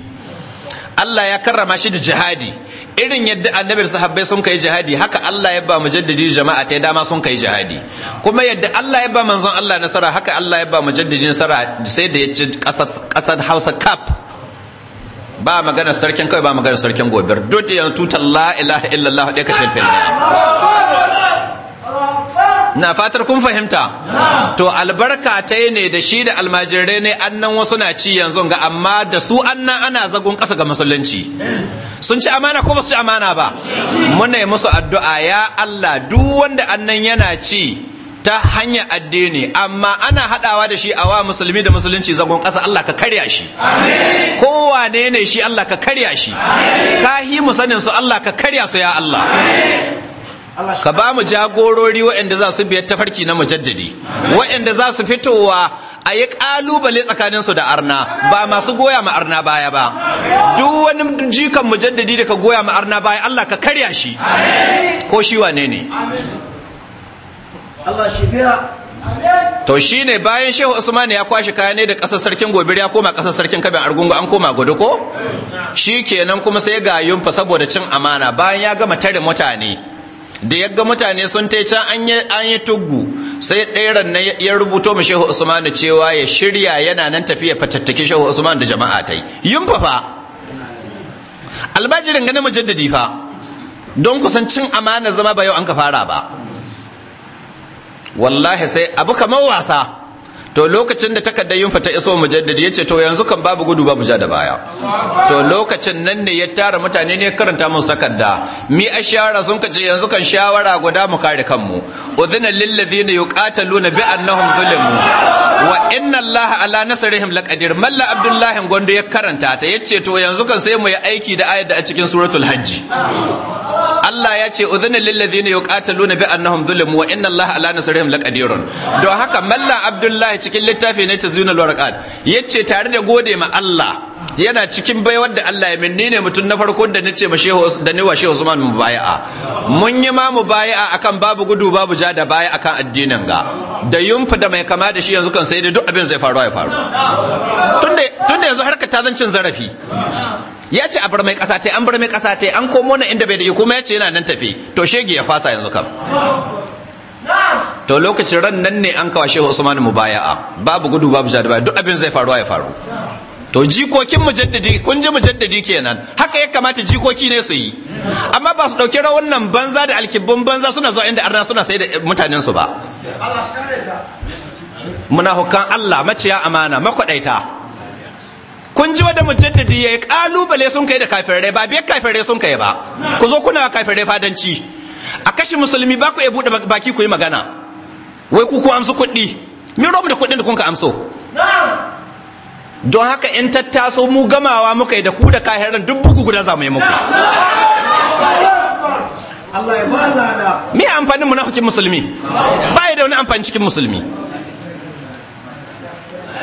Allah ya karrama shi da jihadi irin yadda annabi sahabbai sun kai jihadi haka Allah ya ba mujaddidi jama'a ta dama sun kai jihadi kuma yadda Allah ya ba manzon Allah nasara haka Allah ya ba mujaddidi nasara sai da yace ci kasar Hausa Cup ba maganar sarkin kawai ba maganar sarkin gobe duk da yanzu tutar la ilaha illallah da ka na fatar kun fahimta to albarka ta ne da shi da almajirai ne annan wasu na ci yanzu ga amma da su annan ana zagon ƙasa ga musulunci sun ci amana ko ba su ci amana ba muna yi musu addu'a ya Allah duk wanda annan yana ci ta hanyar addini amma ana hadawa da shi a wa musulmi da musulunci zagon ƙasa Allah ka karya shi kowane ne shi Allah ka karya shi kahi musanin su Allah ka karya su ya Allah ka ba mu jagorori waɗanda za su biyar tafarki na mujaddadi waɗanda za su fitowa a yi ƙalubale tsakaninsu da arna ba masu goya ma arna baya ba duk wani jikan mujaddadi da ka goya ma arna baya Allah ka karya shi ko shi wane ne to shi ne bayan shehu usman ya kwashe kaya ne da ƙasar sarkin gobir ya koma ƙasar sarkin kabin argungu an koma gudu ko shi kenan kuma sai ga yumfa saboda cin amana bayan ya gama tare mutane da ya ga mutane sun ta can an yi tugu sai ɗairan na ya rubuto mu shehu usman cewa ya shirya yana nan tafiya fatattaki shehu usman da jama'a ta yi yin fafa albajirin ganin mujaddadi fa don kusancin amana zama ba yau an ka fara ba wallahi sai abu kamar wasa to lokacin da takardar yin ta iso mujaddadi yace to yanzu kan babu gudu babu ja da baya to lokacin nan ne ya tara mutane ne karanta musu takarda mi ashara sun kace yanzu kan shawara guda mu kare kanmu udhina lil ladina yuqataluna bi annahum zulimu wa inna allaha ala nasrihim laqadir malla abdullahi gondo ya karanta ta yace to yanzu kan sai mu yi aiki da ayat da a cikin suratul hajj Allah ya ce udhina lil ladina yuqataluna bi annahum zulimu wa inna Allah ala nasrihim laqadirun don haka malla abdullahi cikin littafi ne ta tazunul warqat yace tare da gode ma Allah yana cikin baiwar da Allah ya min ni ne mutum na farko da nace ma shehu da ni wa shehu Usman mubaya'a mun yi ma mubaya'a akan babu gudu babu ja da baya akan addinin ga da yunfa da mai kama da shi yanzu kan sai da duk abin zai faru ya faru tunda tunda yanzu harka ta zancin zarafi ya ce a bar mai ƙasa tai an bar mai ƙasa tai an komo na inda bai da iko ya ce yana nan tafi to shege ya fasa yanzu kam to lokacin ran nan ne an kawo shehu usman mubaya'a babu gudu babu jadaba duk abin zai faruwa ya faru to jikokin mujaddadi kun ji mujaddadi kenan haka ya kamata jikoki ne su yi amma ba su dauki rawan nan banza da alkibbun banza suna zuwa inda arna suna sai da mutanen su ba muna hukan Allah maciya amana makwadaita kun ji wanda mujaddadi yayi kalubale sun kai da kafirai ba biyar kafirai sun kai ba ku zo kuna kafirai fadanci a kashi musulmi ba ku iya bude baki ku yi magana wai ku ku amsu kuɗi mi romu da kuɗin da kun ka amso don haka in tattaso mu gamawa muka yi da ku da kahiran duk buku guda za mu yi muku me amfanin munafikin musulmi ba da wani amfani cikin musulmi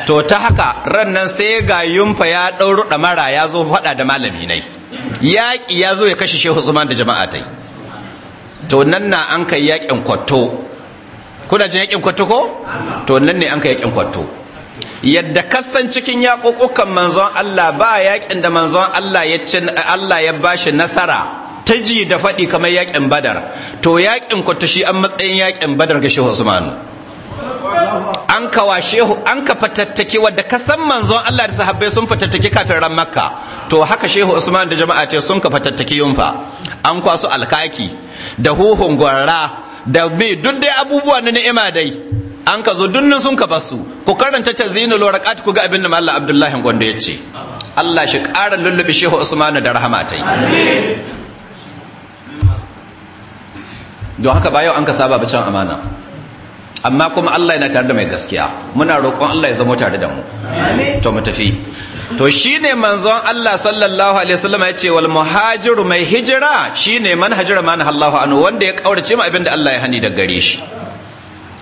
to ta haka ran nan sai ga yumfa ya ɗauro mara ya zo faɗa da malami nai yaƙi ya zo ya kashe shehu usman da jama'a tai to nan na an kai yaƙin kwato kuna jin yaƙin kwato ko to nan ne an kai yaƙin kwato yadda kasan cikin yaƙoƙokan manzon Allah ba yaƙin da manzon Allah ya Allah ya bashi nasara ta ji da faɗi kamar yaƙin badar to yaƙin kwato shi an matsayin yaƙin badar ga shehu usmanu an ka washe an ka fatattake wadda ka san manzon Allah da sahabbai sun fatattake kafin ran makka to haka shehu usman da jama'a ce sun ka fatattake yunfa an kwaso alkaki da huhun gwarra da me duk dai abubuwa na ni'ima dai an ka zo dunnin sun ka basu ku karanta ta zinu lorakat ku ga abin da mallam abdullahi gondo ya ce Allah shi ƙara lullubi shehu usman da rahama ta yi don haka ba yau an ka saba bacin amana amma kuma Allah yana tare da mai gaskiya muna roƙon Allah ya zama tare da mu to mu tafi to shine manzon Allah sallallahu alaihi wasallam ya ce wal muhajiru mai hijira shine man hajira man Allahu anhu wanda ya kaurace mu abinda Allah ya hani da gare shi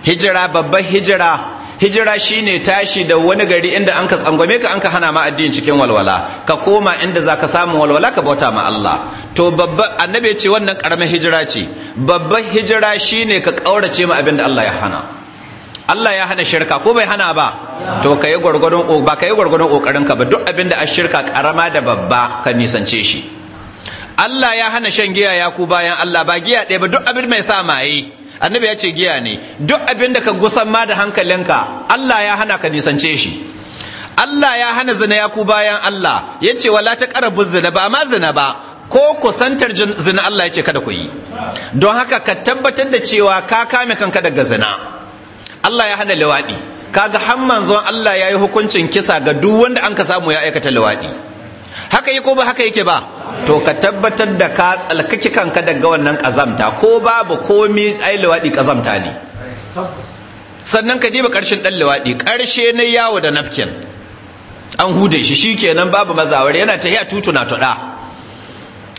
hijira babbar hijira hijira shine tashi da wani gari inda an ka tsangwame ka an ka hana ma addini cikin walwala ka koma inda za ka samu walwala ka bauta ma Allah to babba annabi ce wannan karamar hijira ce babban hijira shine ka kaurace ma abin da Allah ya hana Allah ya hana shirka ko bai hana ba to ka yi gwargwadon ba ka yi gwargwadon kokarin ka ba duk abin da a shirka karama da babba ka nisance shi Allah ya hana shan giya ya ku bayan Allah ba giya ɗaya ba duk abin mai sa maye annabi ya ce giya ne duk abin da ka gusan ma da hankalinka Allah ya hana ka nisance shi Allah ya hana zina ya ku bayan Allah ya ce wala ta ƙara zina ba amma zina ba ko kusantar zina Allah ya ce kada ku yi don haka ka tabbatar da cewa ka kame kanka daga zina Allah ya hana liwaɗi kaga har manzon Allah ya yi hukuncin kisa ga duk wanda an ka samu ya aikata liwaɗi haka yi ko ba haka yake ba to ka tabbatar da ka tsalkaki kanka daga wannan kazamta ko babu komi ai luwaɗi kazamta ne sannan ka diba karshen ɗan luwaɗi karshe na yawo da nafkin an hude shi shikenan babu mazawar yana ta tahiya tutuna tuɗa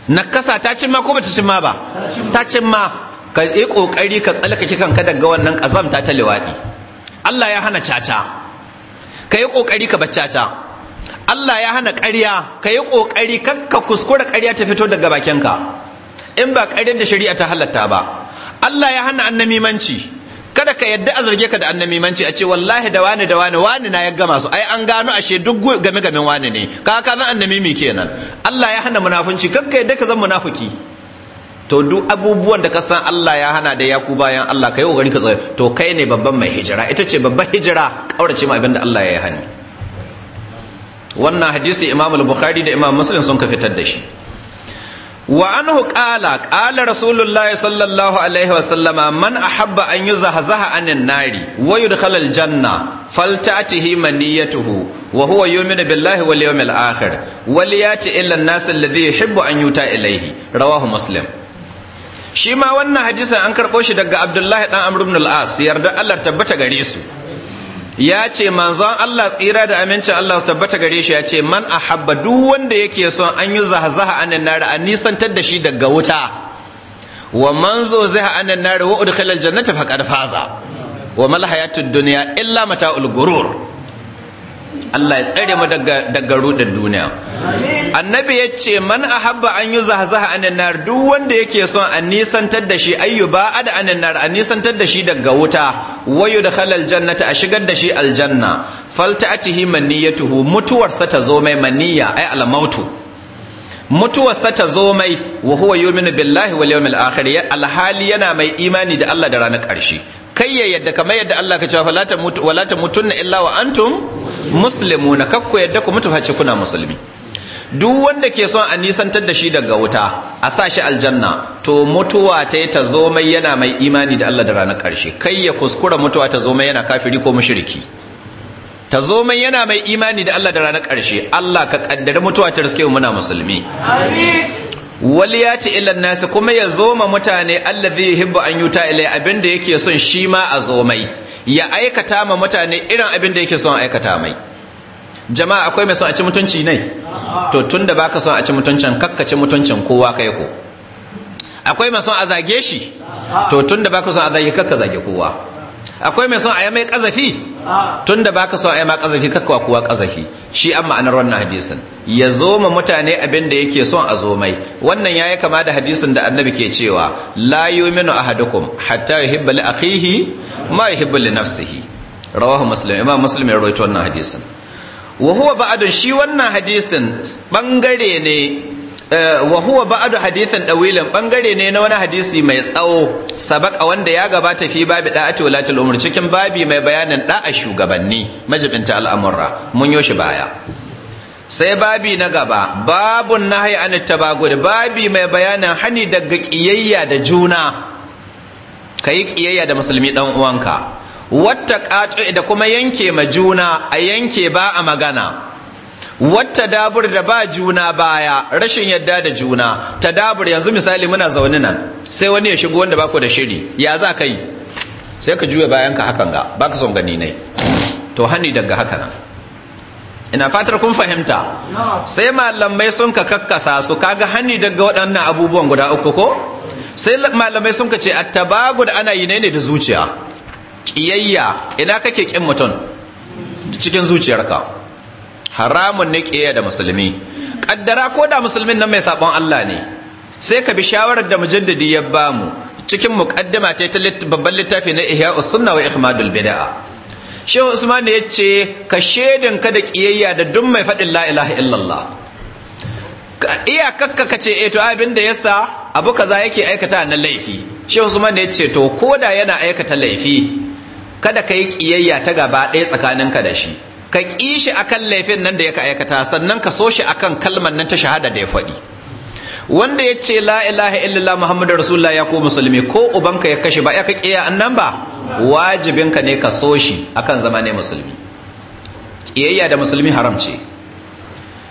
nakasa ta cimma ko bata cimma ba ta cimma ka yi kokari ka tsalkaki kanka daga wannan kazamta ta lawadi Allah ya hana caca ka yi kokari ka bar caca Allah ya hana ƙarya ka yi ƙoƙari ka kuskura ƙarya ta fito daga bakinka in ba ƙaryar da shari'a ta halatta ba Allah ya hana annamimanci kada ka yadda a zarge ka da annamimanci a ce wallahi da wani da wani wani na ya gama su ai an gano ashe duk game gamin wani ne ka ka zan annamimi kenan Allah ya hana munafunci kakka yadda ka zan munafiki to duk abubuwan da ka san Allah ya hana da yaku bayan Allah kai kokari ka tsaya to kai ne babban mai hijira ita ce babban hijira kaurace mu abinda da Allah ya yi hani wannan hadisi imam al-bukhari da imam muslim sun ka fitar da shi wa anhu qala qala rasulullahi sallallahu alaihi wa sallama man ahabba an yuzahzaha anin nari wa yudkhala al-janna falta'tihi maniyatuhu wa huwa yu'minu billahi wal yawmil akhir wal yati illa an-nas alladhi yuhibbu an yuta ilayhi rawahu muslim shi ma wannan hadisin an karbo shi daga abdullahi dan amr ibn al-as yarda Allah tabbata gare su ya ce manzon Allah tsira da amincin Allah su tabbata gare shi ya ce man ahabba duk wanda yake son an yi zahazaha anan nari an nisantar da shi daga wuta wa man zo zaha anan nari wa udkhila aljannata faqad faza wa mal hayatud dunya illa mata'ul gurur Allah ya tsare mu daga daga rudin duniya annabi ya ce man ahabba an yi zahzaha anin nar duk wanda yake son a nisantar da shi ayyuba ad anin nar a nisantar da shi daga wuta wayu da khalal jannata a shigar da shi aljanna falta'atihi maniyatuhu mutuwarsa ta zo mai maniya ai almautu mutuwarsa ta zo mai wa huwa yu'minu billahi wal yawmil akhir alhali yana mai imani da Allah da ranar ƙarshe kai ya yadda kamar yadda Allah ka cewa wala ta mutunna illa wa antum na kakko yadda ku mutu hace kuna musulmi duk wanda ke son a nisantar da shi daga wuta a sa shi aljanna to mutuwa ta yi ta zo mai yana mai imani da Allah da ranar karshe kai ya kuskura mutuwa ta zo mai yana kafiri ko mushriki ta zo mai yana mai imani da Allah da ranar karshe Allah ka kaddara mutuwa ta riske muna musulmi wali ya ci ilan nasi kuma ya zo ma mutane allazi yuhibbu an yuta ilai abinda yake son shi ma a zomai ya aikata ma mutane irin abin da yake son aikata mai jama'a akwai mai son a ci mutunci ne to tun da baka son a ci mutuncin kakka ci mutuncin kowa kai ko akwai mai son a zage shi to tun da baka son a zage kakka zage kowa akwai mai son aya mai ƙazafi ah. tun da baka son a ma ƙazafi kakawa kuwa ƙazafi shi an ma'anar wannan hadisin ya zo ma mutane abin da yake son a zo mai wannan ya yi kama da hadisin da annabi ke cewa la yuminu ahadukum hatta yuhibba li akhihi ma yuhibbu li nafsihi rawahu muslim imam muslim ya rawaito wannan hadisin wa huwa ba'adun shi wannan hadisin bangare ne Eh, wa huwa ba'du hadithan dawilan bangare ne na wani hadisi mai tsawo sabak a wanda ya gabata fi babi da'ati walatul umur cikin babi mai bayanin da'a shugabanni majibinta al'amurra mun yoshi baya sai babi na gaba babun nahyi an tabagud babi mai bayanin hani daga kiyayya da juna kai kiyayya da musulmi dan uwanka wattaqatu da kuma yanke ma juna a yanke ba a magana wata dabur da ba juna baya rashin yadda da juna ta dabur yanzu misali muna zaune nan sai wani ya shigo wanda bako da shiri ya za ka yi sai ka juya bayan ka hakan ga baka son gani ne to hani daga haka nan ina fatar kun fahimta sai malamai sun ka kakkasa su kaga hani daga waɗannan abubuwan guda uku ko sai malamai sun ka ce attabagu da ana yi ne ne da zuciya kiyayya ina kake kin mutum cikin zuciyarka haramun ne ƙeya da musulmi ƙaddara ko da musulmin nan mai saɓon Allah ne sai ka bi shawarar da mujaddadi ya ba mu cikin ce ta babban littafi na ihya usunna wa Ihmadul Bid'a Shehu Usman ya ce ka shedin ka da ƙiyayya da duk mai faɗin la ilaha illallah iya kakka ka ce eto eh, to abin da yasa abu kaza yake aikata na laifi Shehu Usman ya ce to koda yana aikata laifi kada ka yi ƙiyayya ta gaba ɗaya tsakaninka da shi ka ƙi shi a kan laifin nan da ya aikata sannan ka so shi akan kalmar nan ta shahada da ya faɗi wanda ya ce la ilaha illallah muhammadu rasulullah ya ko musulmi ko ubanka ya kashe ba ya ka ƙiya nan ba wajibinka ne ka so shi akan zama ne musulmi ƙiyayya da musulmi haram ce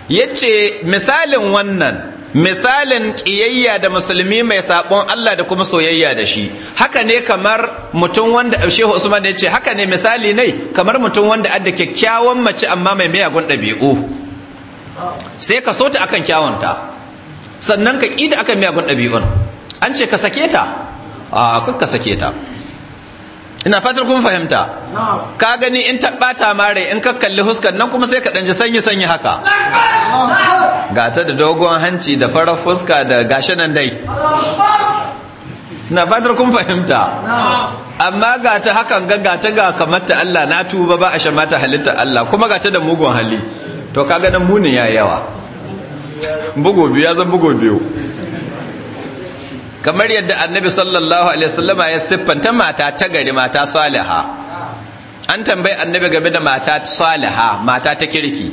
ya ce misalin wannan misalin kiyayya da musulmi mai saɓon Allah da kuma soyayya da shi haka ne kamar mutum wanda shehu usman ya ce haka ne misali ne kamar mutum wanda adda kyakkyawan mace amma mai miyagun ɗabi'u sai ka so ta akan kyawunta sannan ka ƙi ta akan miyagun ɗabi'un an ce ka sake ta a kuka sake ta ina fatar kun fahimta ka gani in ta bata mare in ka kalli huskar nan kuma sai ka danji sanyi sanyi haka gata da dogon hanci da farar fuska da gashi nan dai na fatar kun fahimta amma ga ta hakan ga ga ta ga kamar ta Allah na tuba ba a shamata halitta Allah kuma ga ta da mugun hali to ka nan munin ya yawa bugo biyu ya zan bugo biyu kamar yadda annabi sallallahu alaihi wasallama ya siffanta mata ta gari mata saliha an tambayi annabi game da mata saliha mata ta kirki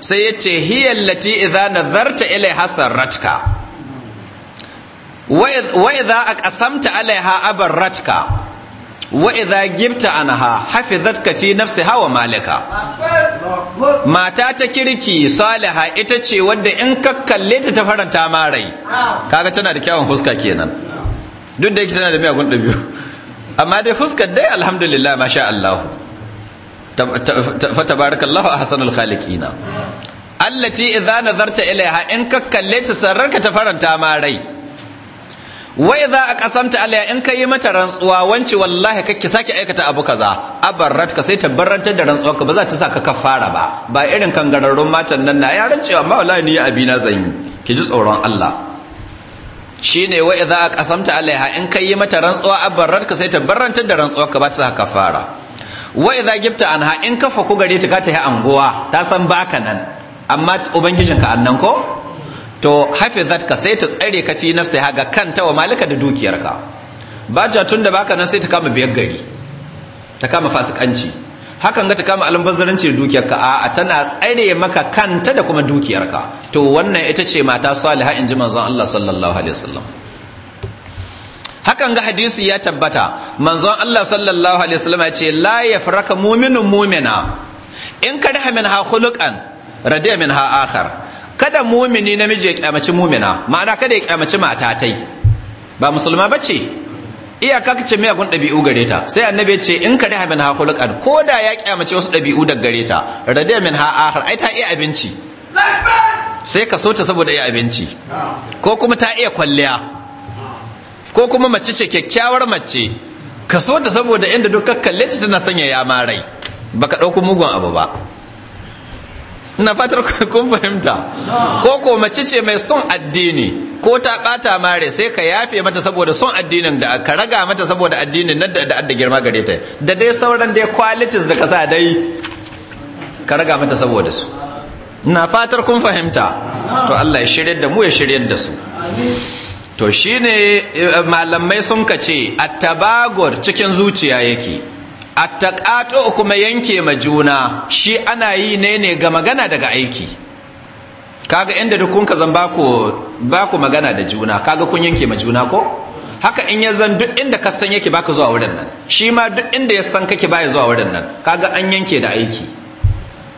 sai ya ce lati idza nazarta ilaiha sarratka wa idza aqasamta alaiha abarratka wa idza gibta anha hafizatka fi nafsiha wa malika mata ta kirki saliha ita ce wadda in ka kalle ta faranta ma rai kaga tana da kyawun fuska kenan duk da yake tana da miyagun dabi'u amma dai fuskar dai alhamdulillah masha Allah fa tabarakallahu ahsanul khaliqina allati idza nazarta ilaiha in ka kalle ta sararka ta faranta ma rai wai za a kasamta in ka yi mata rantsuwa wance wallahi kake sake aikata abu kaza abarrat ka sai tabbarantar da rantsuwa ka ba za ta saka kafara ba ba irin kan kangararrun matan nan na yaran cewa ma wallahi ni abi na zan yi ki ji tsoron Allah shine wa idza qasamta Alayha in kai yi mata rantsuwa abarrat ka sai tabbarantar da rantsuwa ka ba ta saka kafara wa idza gifta anha in kafa ku gare ta ka ta yi anguwa ta san baka nan amma ubangijinka annan ko to hafizat ka sai ta tsare ka fi nafsi ga kanta wa malika da dukiyarka ba ja tun da baka nan sai ta kama biyar gari ta kama fasikanci hakan ga ta kama almubazzaranci da dukiyarka a tana tsare maka kanta da kuma dukiyarka to wannan ita ce mata saliha in ji manzon Allah sallallahu alaihi wasallam hakan ga hadisi ya tabbata manzon Allah sallallahu alaihi wasallam ya ce la yafraka mu'minun mu'mina in ka min ha khuluqan radiya min ha akhar kada mumini namiji ya kyamaci mumina ma'ana kada ya kyamaci mata tai ba musulma bace iyaka kace me agun dabi'u gare ta sai annabi ce in ka raha min ha ko da ya kyamaci wasu ɗabi'u daga gare ta radiya min ha ai ta iya abinci sai ka saboda iya abinci ko kuma ta iya kwalliya ko kuma mace ce kyakkyawar mace ka sota saboda inda duk kalle ta tana sanya ya marai baka ɗauko mugun abu ba Na fatar kun fahimta ko ko mace ce mai son addini ko ta bata mare sai ka yafe mata saboda son addinin da ka raga mata saboda addinin nan da da girma gare ta da dai sauran dai qualities da ka sa dai ka raga mata saboda su ina fatar kun fahimta to Allah ya shirye da mu ya shirye da su to shine eh, malamai sun kace at-tabagur cikin zuciya yake attaqato kuma yanke ma juna shi ana yi ne ne ga magana daga aiki kaga inda duk kun zan bako bako magana da juna kaga kun yanke ma juna ko haka in ya zan duk inda ka san yake baka zuwa wurin nan shi ma duk inda ya san kake baya zuwa wurin nan kaga an yanke da aiki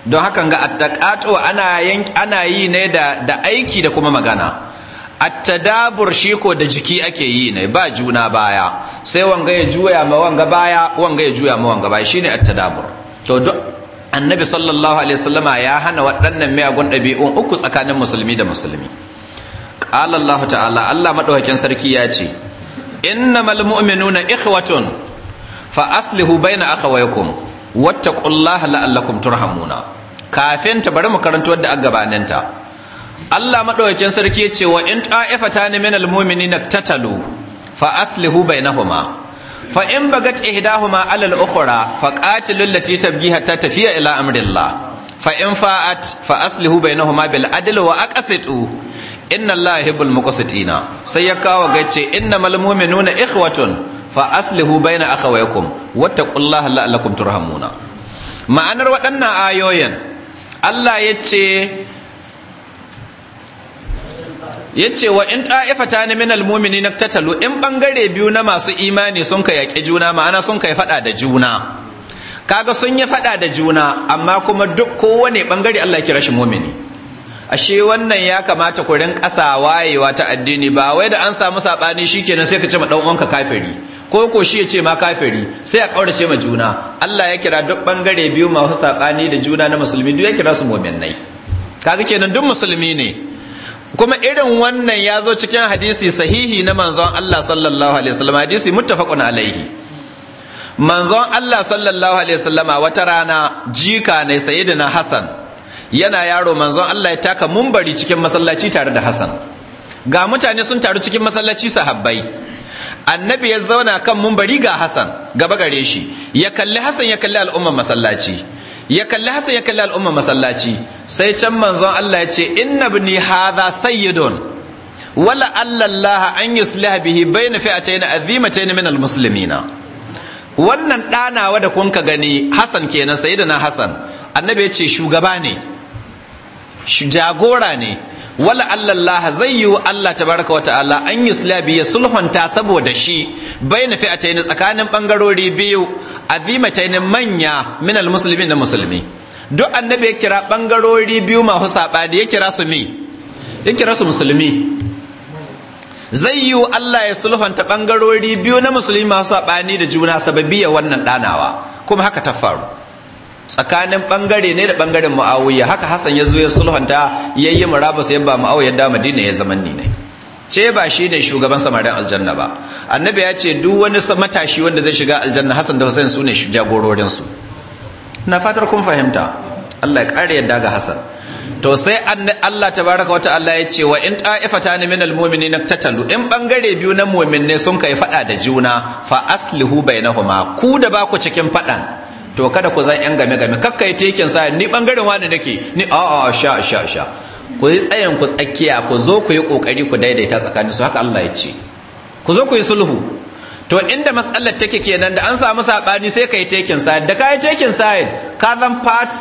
don hakan ga attaqato ana ana yi ne da da aiki da kuma magana attadabur shi ko da jiki ake yi ne ba juna baya sai wanga ya juya ma wanga baya wanga ya juya ma wanga baya shine attadabur to duk annabi sallallahu alaihi wasallama ya hana waɗannan miyagun ɗabi'un uku tsakanin musulmi da musulmi qala allah ta'ala allah madaukakin sarki ya ce innamal mu'minuna ikhwatun fa aslihu baina akhawaykum wattaqullaha la'allakum turhamuna kafin ta bari mu karanto da gabaninta Allah maɗaukakin sarki ya ce wa in ta'ifata ni minal na tatalu fa aslihu bainahuma fa in bagat ihdahuma alal ukhra fa qatilul lati tabghi hatta tafiya ila amrillah fa in fa'at fa aslihu bainahuma bil adli wa aqsitu inna allaha yuhibbul muqsitina sai ya kawo gace innamal mu'minuna ikhwatun fa aslihu baina akhawaykum wattaqullaha la'allakum turhamuna ma'anar waɗannan ayoyin Allah ya ce yace wa in ta'ifata ne minal na tatalu in bangare biyu na masu imani sun ka yaƙi juna ma'ana sun ka faɗa da juna kaga sun yi faɗa da juna amma kuma duk kowane bangare Allah ya kira mu'mini ashe wannan ya kamata ku rin ƙasa wayewa ta addini ba wai da an samu saɓani kenan sai ka ce ma ɗan kafiri ko ko shi ya ce ma kafiri sai a ƙaurace ma juna Allah ya kira duk bangare biyu masu saɓani da juna na musulmi duk ya kira su mu'minai kaga kenan duk musulmi ne kuma irin wannan ya zo cikin hadisi sahihi na manzon Allah sallallahu alaihi wasallam hadisi muttafaqun alaihi manzon Allah sallallahu alaihi wasallama wata rana jika ne sayyidina Hassan yana yaro manzon Allah ya taka mumbari cikin masallaci tare da Hassan ga mutane sun taru cikin masallaci sahabbai annabi ya zauna kan mumbari ga Hassan gaba gare shi ya kalli Hassan ya kalli al'ummar masallaci ya kalli hasa ya kalli al'umma masallaci sai can manzon Allah ya ce inna ibni hadha sayyidun wala allah an yusliha bihi bayna fi'atayn azimatayn min almuslimina wannan dana da kun ka gani Hassan kenan sayyidina Hassan annabi ya ce shugaba ne jagora ne wala Allah zai yi wa Allah tabaraka wa ta'ala an yusla bi ya sulhunta saboda shi baina fi'atayn tsakanin bangarori biyu taini manya min almuslimin da musulmi duk annabi ya kira bangarori biyu masu sabani ya kira su ya kira su musulmi zai yi wa Allah ya sulhunta bangarori biyu na musulmi masu sabani da juna ya wannan danawa kuma haka ta faru tsakanin bangare ne da bangaren muawiya haka Hassan ya zo ya sulhunta yi murabus ya ba muawiya da madina ya zaman ne ce ba shi ne shugaban samarin aljanna ba annabi ya ce duk wani matashi wanda zai shiga aljanna hasan da hussein su ne jagororin su na fatar kun fahimta Allah ya kare yadda ga hasan to sai Allah baraka wata Allah ya ce wa in ta'ifatan min na tatalu in bangare biyu na ne sun kai fada da juna fa aslihu bainahuma ku da ba ku cikin fadan to kada ku zan yan game game kakkai tekin sa ni bangaren wani nake ni a a sha sha sha ku yi tsayin ku tsakiya ku zo ku yi kokari ku daidaita tsakanin su haka Allah ya ce ku zo ku yi sulhu to inda matsalar take kenan da an samu sabani sai kai tekin sa da kai tekin sa ka zan part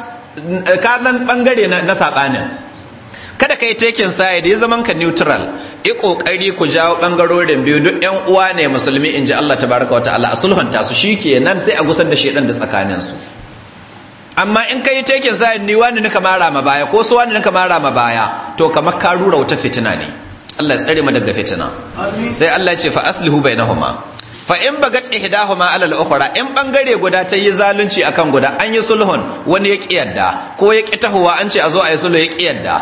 ka zan bangare na sabanin kada ka yi taken side ya zaman ka neutral yi kokari ku jawo bangarorin biyu duk yan uwa ne musulmi in ji Allah Ta baraka wa ta'ala a sulhanta su nan sai a gusar da shaidan da tsakanin su amma in ka yi taken side ni wani nika mara ma baya ko su wani nika mara ma baya to kamar ka rura wata fitina ne Allah ya tsare mu daga fitina sai Allah ya ce fa aslihu bainahuma fa in bagat ihdahuma ala al-ukhra in bangare guda ta yi zalunci akan guda an yi sulhun wani ya kiyarda ko ya kitahuwa an ce a zo a yi sulhu ya kiyarda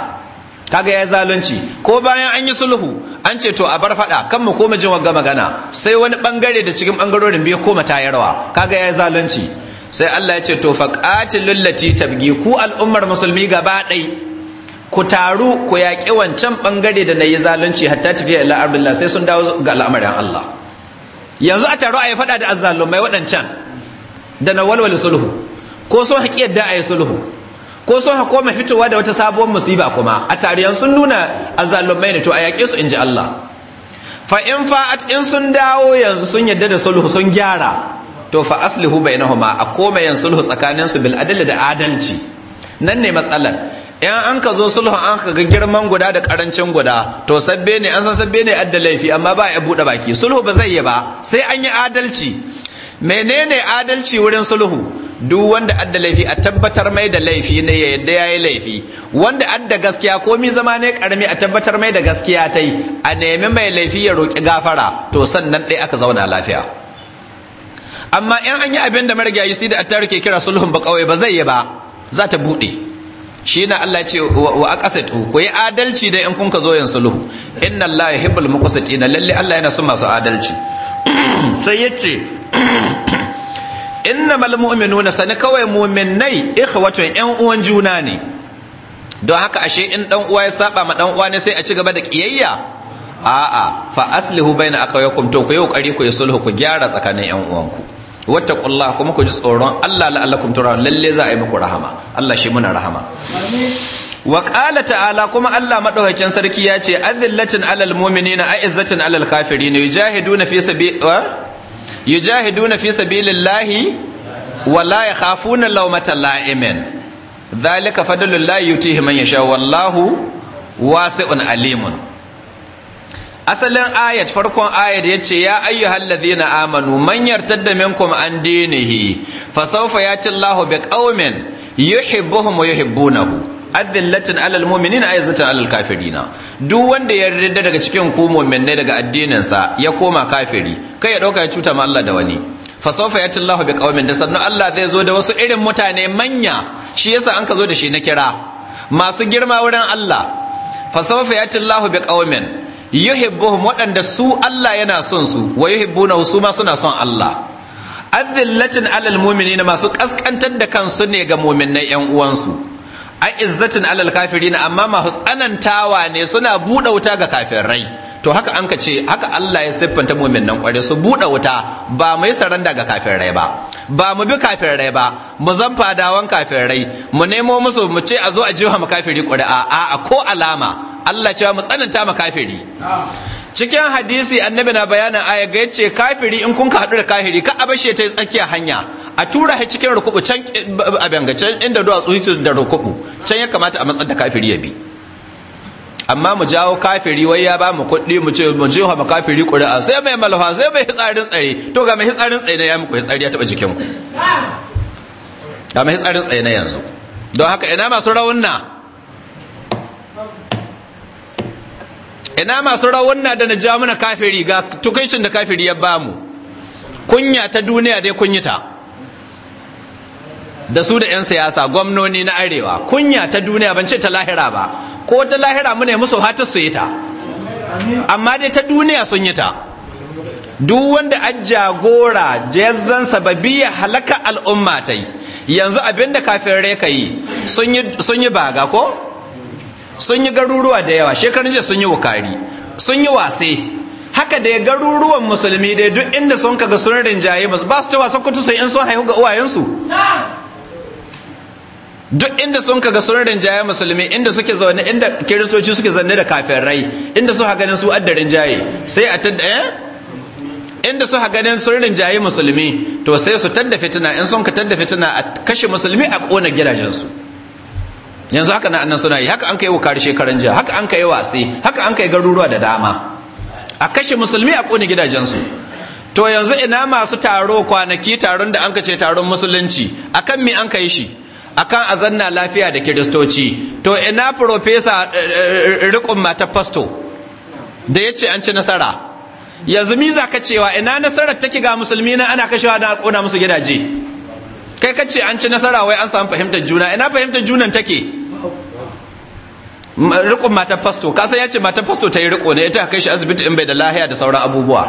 kaga ya zalunci ko bayan an yi sulhu an ce to a bar fada kan mu koma jin wagga magana sai wani bangare da cikin bangarorin biyu koma tayarwa kaga ya zalunci sai Allah ya ce to faqatil lati tabgi ku al'ummar musulmi gaba dai ku taru ku yaƙi wancan bangare da nayi zalunci hatta tafiya ila arbillah sai sun dawo ga al'amarin Allah yanzu a taro a yi fada da azzalumai waɗancan da na walwala sulhu ko so haƙi yadda a yi sulhu ko so ha koma fitowa da wata sabuwar musiba kuma a tariyan sun nuna azalumai ne to a yaƙe su in ji Allah fa in fa'at in sun dawo yanzu sun yadda da sulhu sun gyara to fa aslihu bainahuma a koma yan sulhu tsakanin su bil adalci da adalci nan ne matsalar in an ka zo sulhu an ka ga girman guda da karancin guda to sabbe ne an san sabbe ne adda laifi amma ba ya bude baki sulhu ba zai yi ba sai an yi adalci menene adalci wurin sulhu duk wanda adda laifi a tabbatar mai da laifi ne ya yadda yayi laifi wanda adda gaskiya komi zama ne karami a tabbatar mai da gaskiya ta yi a nemi mai laifi ya roƙi gafara to sannan daya aka zauna lafiya amma in an yi abin da marigayi sai da attar ke kira sulhun ba kawai ba zai yi ba za ta buɗe shi na Allah ce wa aqasitu ku yi adalci da in kun ka zo yin sulhu inna Allah yuhibbul muqsitina lalle Allah yana son masu adalci sai yace innamal mu'minuna sani kawai mu'minnai ikhwatun yan uwan juna ne don haka ashe in ɗan uwa ya saba ma ɗan uwa ne sai a ci gaba da kiyayya a'a fa aslihu baina akawakum to ku yi kokari ku yi sulhu ku gyara tsakanin yan uwanku wattaqullah kuma ku ji tsoron Allah la'allakum turhamun lalle za a yi muku rahama Allah shi muna rahama wa ta'ala kuma Allah maɗaukakin sarki ya ce azillatin alal mu'minina a'izzatin alal kafirin yujahiduna fi sabi wa yujahiduna fi sabilillahi wala yakhafuna lawmata la'imin dhalika fadlullahi yutihi man yasha wallahu wasi'un alimun asalin ayat farkon ayat ya ce ya ayyuhal ladhina amanu man yartadda minkum an dinihi fa sawfa yati Allahu biqaumin yuhibbuhum wa yuhibbunahu adillatin alal mu'minin ayyazatin alal kafirina duk wanda ya yarda daga cikin ku mu'minai daga addinin ya koma kafiri kai ya dauka ya cuta ma Allah da wani fa sawfa yati Allah bi qaumin da sannu Allah zai zo da wasu irin mutane manya shi yasa an ka zo da shi na kira masu girma wurin Allah fa sawfa yati Allah bi qaumin yuhibbuhum waɗanda su Allah yana son su wa yuhibbuna su ma suna son Allah adillatin alal mu'minina masu kaskantar da kansu ne ga mu'minai yan uwansu izzatin alal kafirin amma masu tsanantawa ne suna buɗe wuta ga kafirai to haka an ka ce haka Allah ya siffanta nan kware su buɗe wuta ba mu yi saranda ga kafirai ba ba mu bi kafirai ba mu zan fadawan kafirai mu nemo musu mu ce a zo a jiwa mu kafiri ƙuri'a a ko alama Allah cewa mu tsananta mu kafiri cikin hadisi annabi na bayanin aya ga yace kafiri in kun ka haɗu da kafiri ka abashe ta tsakiyar hanya a tura shi cikin rukubu can abanga can inda duwatsu yake da rukubu can ya kamata a matsar da kafiri ya bi amma mu jawo kafiri wai ya ba mu kuɗi mu ce mu jiwa mu kafiri ƙuri'a sai mai malafa sai mai hitsarin tsare to ga mai hitsarin tsare na ya muku hitsari ya taɓa jikin ku ga mai hitsarin tsare na yanzu don haka ina masu raunna ina masu rawar na da na ja mana kafiri ga tukaicin da kafiri ya bamu kunya ta duniya dai ta da su da 'yan siyasa gwamnoni na arewa kunya ta duniya ban ce ta lahira ba ko ta lahira muna musu hatar su yi ta amma dai ta duniya sun yi ta duk wanda an jagora jazzan ya halaka al'umma ta yi yanzu abinda kafin ka yi sun yi baga ko sun yi garuruwa da yawa shekarun jiya sun yi wukari sun yi wase haka da ya garuruwan musulmi dai duk inda sun kaga sun rinjaye ba su ta wasan kutu sun in sun haihu ga uwayensu duk inda sun kaga sun rinjaye musulmi inda suke zaune inda kiristoci suke zanne da kafirai inda su haganin su adda rinjaye sai a tadda ya? Eh? inda su haganin sun rinjaye musulmi to sai su tadda fitina in sun ka tadda fitina a kashe musulmi a kona gidajensu yanzu haka na annan suna yi haka an kai wa shekaran jiya haka an kai wasi. haka an kai garuruwa da dama a kashe musulmi a kone gidajensu to yanzu ina masu taro kwanaki taron da an ce taron musulunci akan mi an kai shi akan azanna lafiya da kiristoci to ina profesa eh, eh, rikon mata fasto da ya ce an ci nasara yanzu mi za ka cewa ina nasarar take ga musulmi na ana kashewa da kona musu gidaje kai kace an ci nasara wai an samu fahimtar juna ina fahimtar junan take Rukun matar fasto kasan ya ce matar fasto ta yi riko ne ita kai shi asibiti in bai da lahiya da sauran abubuwa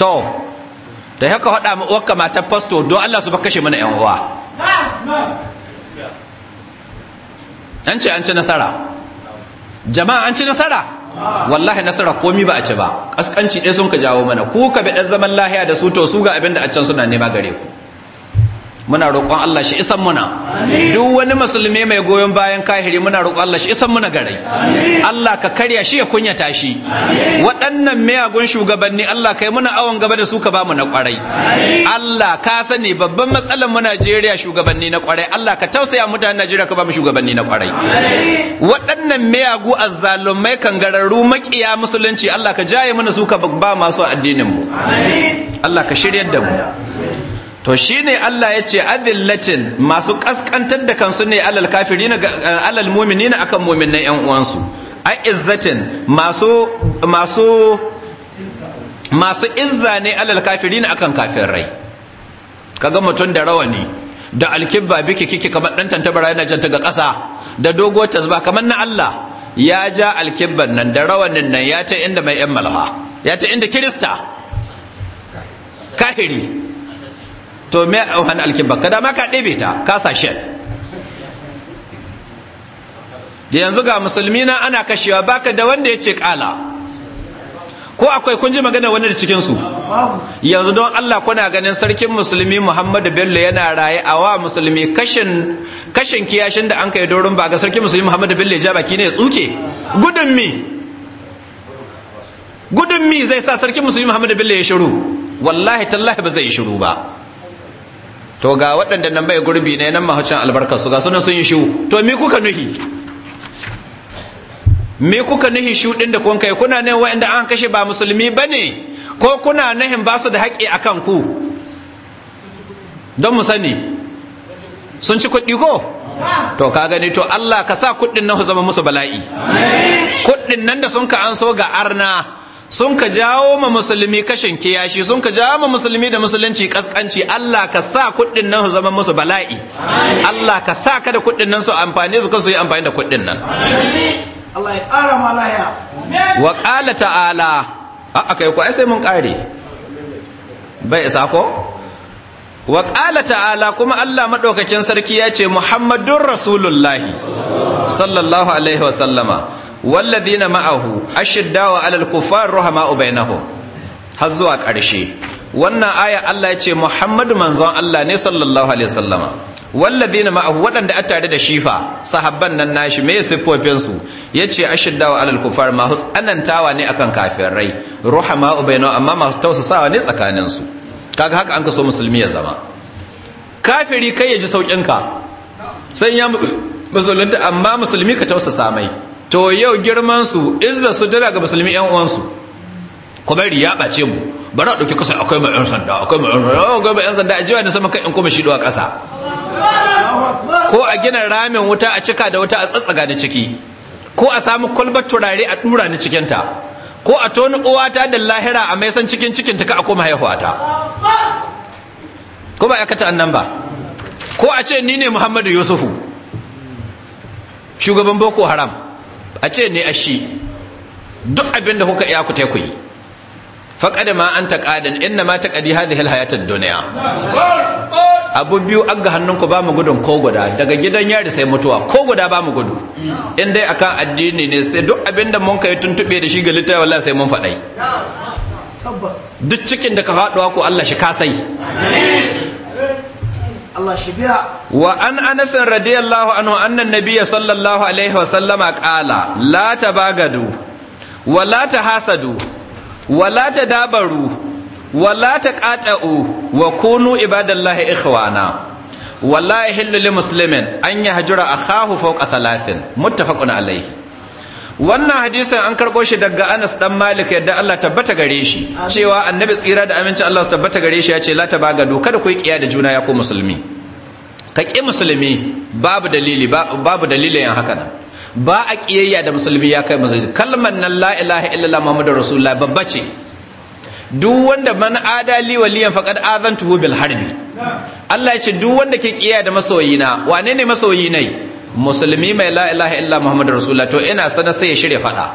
to da haka haɗa wakka matar fasto don allah su ba kashe mana yan uwa an ce an ci nasara jama'a an ci nasara wallahi nasara komi ba a ci ba kaskanci ɗaya sun ka jawo mana ku ka bi ɗan zaman lahiya da su to su ga abin da a can suna nema gare ku muna roƙon Allah shi isan muna duk wani musulmi mai goyon bayan kahiri muna roƙon Allah shi isan muna garai Allah ka karya shi ya kunyata shi waɗannan miyagun shugabanni Allah kai muna awon gaba da su ka ba mu na ƙwarai Allah ka sani babban matsalar mu Najeriya shugabanni na ƙwarai Allah ka tausaya mutanen Najeriya ka ba mu shugabanni na ƙwarai waɗannan miyagu azzalumai gararru makiya musulunci Allah ka jaye mana su ka ba masu addinin mu Allah ka shiryar da mu to shi ne Allah ya ce adillatin masu kaskantar da kansu ne alal na eh, alal na akan mu'minan yan uwansu a masu masu masu izza ne alal na akan Ka kaga mutum da rawani da alkibba biki kiki kamar ɗan tantabara yana janta ga ƙasa da dogo tasba kamar na Allah ya ja alkibban nan da rawanin nan ya ta inda mai yan malha ya ta inda kirista kahiri to me auhan alkibba ka dama ka ɗebe ta ka sa da yanzu ga musulmi na ana kashewa baka da wanda ya ce ƙala ko akwai kun ji magana wani da cikinsu yanzu don allah kuna ganin sarkin musulmi muhammadu bello yana raye a wa musulmi kashin kiyashin da an kai doron ba ga sarkin musulmi muhammadu bello ya ja baki ne ya tsuke gudun mi gudun mi zai sa sarkin musulmi muhammadu bello ya shiru wallahi tallahi ba zai shiru ba to ga waɗanda nan bai gurbi ne nan mahaucin albarkar su ga suna sun yi shu. to me kuka nuhi me kuka nuhi shu ɗin da kun kai kuna ne waɗanda an kashe ba musulmi ba ne ko kuna nahin ba su da haƙƙi a kan ku don mu sani sun ci kuɗi ko to ka gani to Allah ka sa kuɗin nan zama musu bala'i kuɗin nan da sun ka an so ga arna sun ka jawo ma musulmi kashin kiyashi sun ka jawo ma musulmi da musulunci kaskanci Allah ka sa kuɗin nan su zama musu bala'i Allah ka sa ka da kuɗin nan su amfani su kasu yi amfani da kuɗin nan Allah ya ƙara wa ƙala ta'ala a aka yi ai sai mun ƙare bai isa ko wa ƙala ta'ala kuma Allah maɗaukakin sarki ya ce Muhammadun Rasulullahi sallallahu alaihi wa sallama wallazina ma'ahu ashiddawa alal kufar ruhama'u bainahum har zuwa ƙarshe wannan aya Allah ya ce Muhammadu manzon Allah ne sallallahu alaihi wasallama wallazina ma'ahu waɗanda a tare da shifa sahabban nan nashi me siffofin su yace ashiddawa alal kufar ma tsanantawa ne akan kafirai ruhama'u bainahum amma masu tausasawa ne tsakanin su kaga haka an ka so musulmi ya zama kafiri kai ya ji saukin ka sai ya musulunta amma musulmi ka tausasa mai to yau girman su izza su dala ga musulmi yan uwansu kuma ya bace mu bara a dauki akwai mai yan sanda akwai mai ga mai yan sanda a jiwa ne sama kai in kuma shi a kasa ko a gina ramin wuta a cika da wuta a tsatsaga ni ciki ko a samu kwalbar turare a dura ni cikin ta ko a toni uwata da lahira a mai san cikin cikin ta ka a koma haihuwa ta ko ba ya kata annan ba ko a ce ni ne muhammadu yusufu shugaban boko haram a ce ne a shi duk abin kuka iya ku ta ku yi ma an taƙadin inna ma taƙadi hadhihi ta dunya abu biyu aga ga hannunku ba mu gudun ko guda daga gidan yari sai mutuwa ko guda ba mu gudu in dai akan addini ne sai duk abin da mun kai tuntube da shi ga littafi wallahi sai mun faɗai duk cikin da ka faɗuwa ku Allah shi ka sai wa an anas radiyallahu anhu anna nabiyya sallallahu alaihi wa sallama qala la tabagadu wa la tahasadu wa la tadabaru wa la taqata'u wa kunu ibadallahi ikhwana wallahi hillu li muslimin an yahjura akhahu fawqa thalathin muttafaqun alaihi wannan hadisin an karɓo shi daga anas dan malik yadda allah tabbata gare shi cewa annabi tsira da aminci allah su tabbata gare shi ya ce la ta baga kada ku yi kiya da juna ya ku musulmi ka ƙi musulmi babu dalili babu dalili dalilin haka nan ba a ƙiyayya da musulmi ya kai musulmi kalmar nan la ilaha illallah muhammadur rasulullah babba ce duk wanda man adali waliyan faqad azantuhu bil harbi Allah ya ce duk wanda ke ƙiyayya da masoyina wane ne masoyi musulmi mai la ilaha illallah muhammadur rasulullah to ina sanar sai ya shirya fada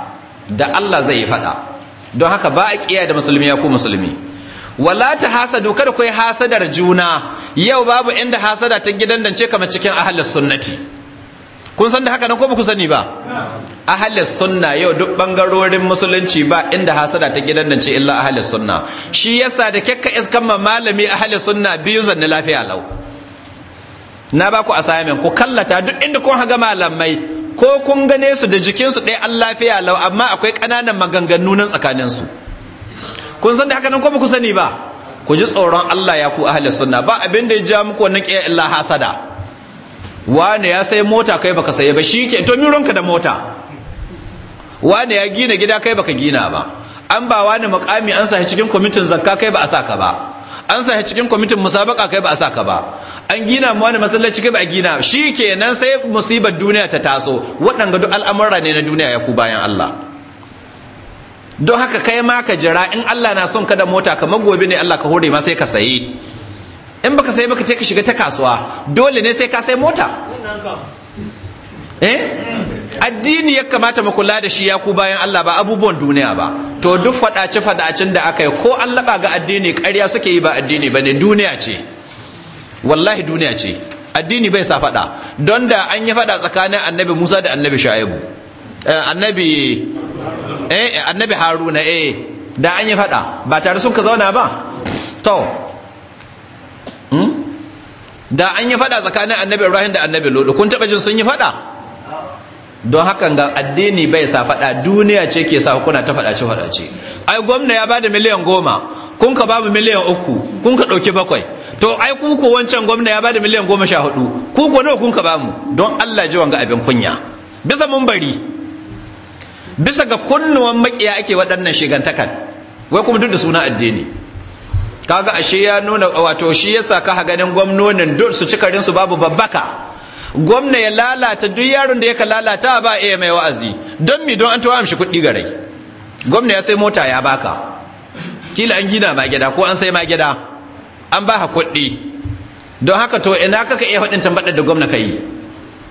da Allah zai yi fada don haka ba a ƙiyayya da musulmi ya ku musulmi wala ta hasadu kada ku hasadar juna yau babu inda hasada ta gidan dance kamar cikin ahlus sunnati kun san da haka nan ko ba ku sani ba ahlus sunna yau duk bangarorin musulunci ba inda hasada ta gidan dance illa ahlus sunna shi yasa da kekka iskan malami ahlus sunna biyu zanna lafiya lau na ba ku assignment ku kallata duk inda kun haga malamai ko kun gane su da jikinsu ɗaya an lafiya lau amma akwai ƙananan maganganu nan tsakaninsu kun san da haka nan ko ba ku sani ba ku ji tsoron Allah ya ku ahli sunna ba abin da ya ja muku wannan kiyaye illa hasada wane ya sai mota kai baka saye ba shi ke to mironka da mota wane ya gina gida kai baka gina ba an ba wani muqami an sa cikin kwamitin zakka kai ba a saka ba an sa cikin kwamitin musabaka kai ba a saka ba an gina mu wani masallaci kai ba a gina shi nan sai musibar duniya ta taso waɗanga duk al'amura ne na duniya ya ku bayan Allah don haka kai ma ka jira in Allah na son ka da mota kamar gobe ne Allah ka hore ma sai ka sayi in baka sayi baka ce ka shiga ta kasuwa dole ne sai ka sayi mota eh addini ya kamata mu kula da shi ya ku bayan Allah ba abubuwan duniya ba to duk fadace fadacen da aka yi ko an laba ga addini ƙarya suke yi ba addini bane duniya ce wallahi duniya ce addini bai sa fada don da an yi fada tsakanin annabi Musa da annabi Shu'aibu eh, annabi eh annabi haruna eh da an yi fada ba tare sun ka zauna ba to hmm? da an yi fada tsakanin annabi ibrahim da annabi lodo kun taba jin sun yi fada don hakan ga addini bai sa fada duniya ce ke sa kuna ta fadace fadace ai gwamna ya bada miliyan goma kun ka babu miliyan uku kun ka ɗauki bakwai to ai ku ko wancan gwamna ya bada miliyan goma sha hudu ku ko nawa kun ka bamu don allah ji wanga abin kunya bisa mun bari bisa ga kunnuwan makiya ake waɗannan shigantakan wai kuma duk da suna addini kaga ashe ya nuna wato shi yasa ka ganin gwamnonin duk su cikarin su babu babbaka gwamna ya lalata duk yaron da yaka lalata ba iya mai wa'azi don mi don an tawa amshi kuɗi rai? gwamna ya sai mota ya baka kila an gina ma gida ko an sai ma gida an ba kuɗi don haka to ina kaka iya faɗin tambaɗar da gwamna ka yi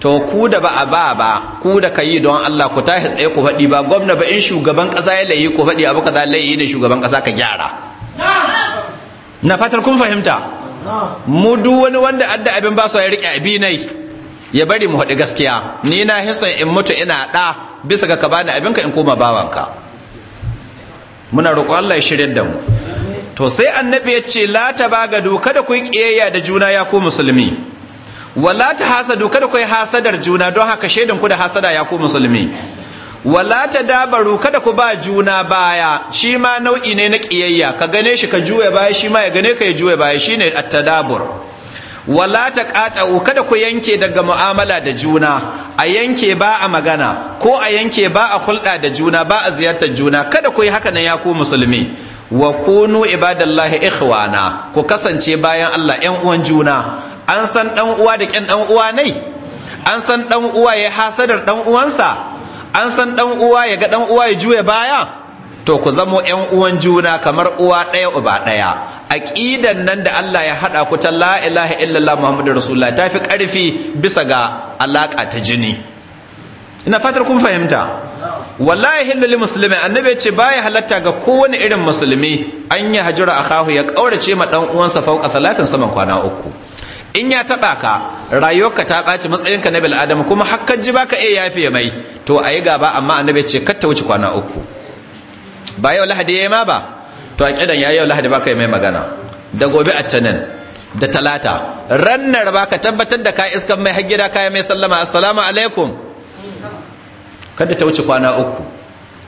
to ku da ba a ba ba ku da ka yi don Allah ku tashi tsaye ku faɗi ba gwamna ba in shugaban ƙasa ya layi ku faɗi abu ka za layi ne shugaban ƙasa ka gyara na fatar kun fahimta mu duk wani wanda adda abin ba su ya riƙe abinai ya bari mu haɗi gaskiya ni na hisan in mutu ina ɗa bisa ga ka bani abinka in koma bawanka muna roƙo Allah ya shirya da mu to sai annabi ya ce la ta baga kada ku yi ƙiyayya da juna ya ku musulmi wala ta hasadu kada ku yi hasadar juna don haka shaidan ku da hasada ya ku musulmi wala ta dabaru kada ku ba juna baya shi ma nau'i ne na kiyayya ka gane shi ka juya baya shi ma ya gane ka ya juya baya shine a tadabur wala ta kata kada ku yanke daga mu'amala da juna a yanke ba a magana ko a yanke ba a hulɗa da juna ba a ziyartar juna kada ku yi haka nan ya ku musulmi wa kunu ibadallahi ikhwana ku kasance bayan Allah 'yan uwan juna an san dan uwa da kyan dan uwa nai an san dan uwa ya hasadar dan uwansa an san dan uwa ya ga dan uwa ya juya baya to ku zamo yan uwan juna kamar uwa ɗaya uba ɗaya aqidan nan da Allah ya haɗa ku ta la ilaha illallah muhammadur rasulullah ta fi ƙarfi bisa ga alaka ta jini ina fatar kun fahimta wallahi hillul musulmi annabi ce baya halatta ga kowane irin musulmi an yi hajura akahu ya ƙaurace ma dan uwansa fauka salatin saman kwana uku in ya taɓa ka rayuwarka ta ɓaci matsayinka na bil adam kuma hakkan ji baka iya yafe mai to a yi gaba amma annabi ce kar ta wuce kwana uku ba yau lahadi ya yi ma ba to a ya yi yau lahadi baka yi mai magana da gobe a tanan da talata rannar baka tabbatar da ka iskan mai har gida kaya mai sallama assalamu alaikum kada ta wuce kwana uku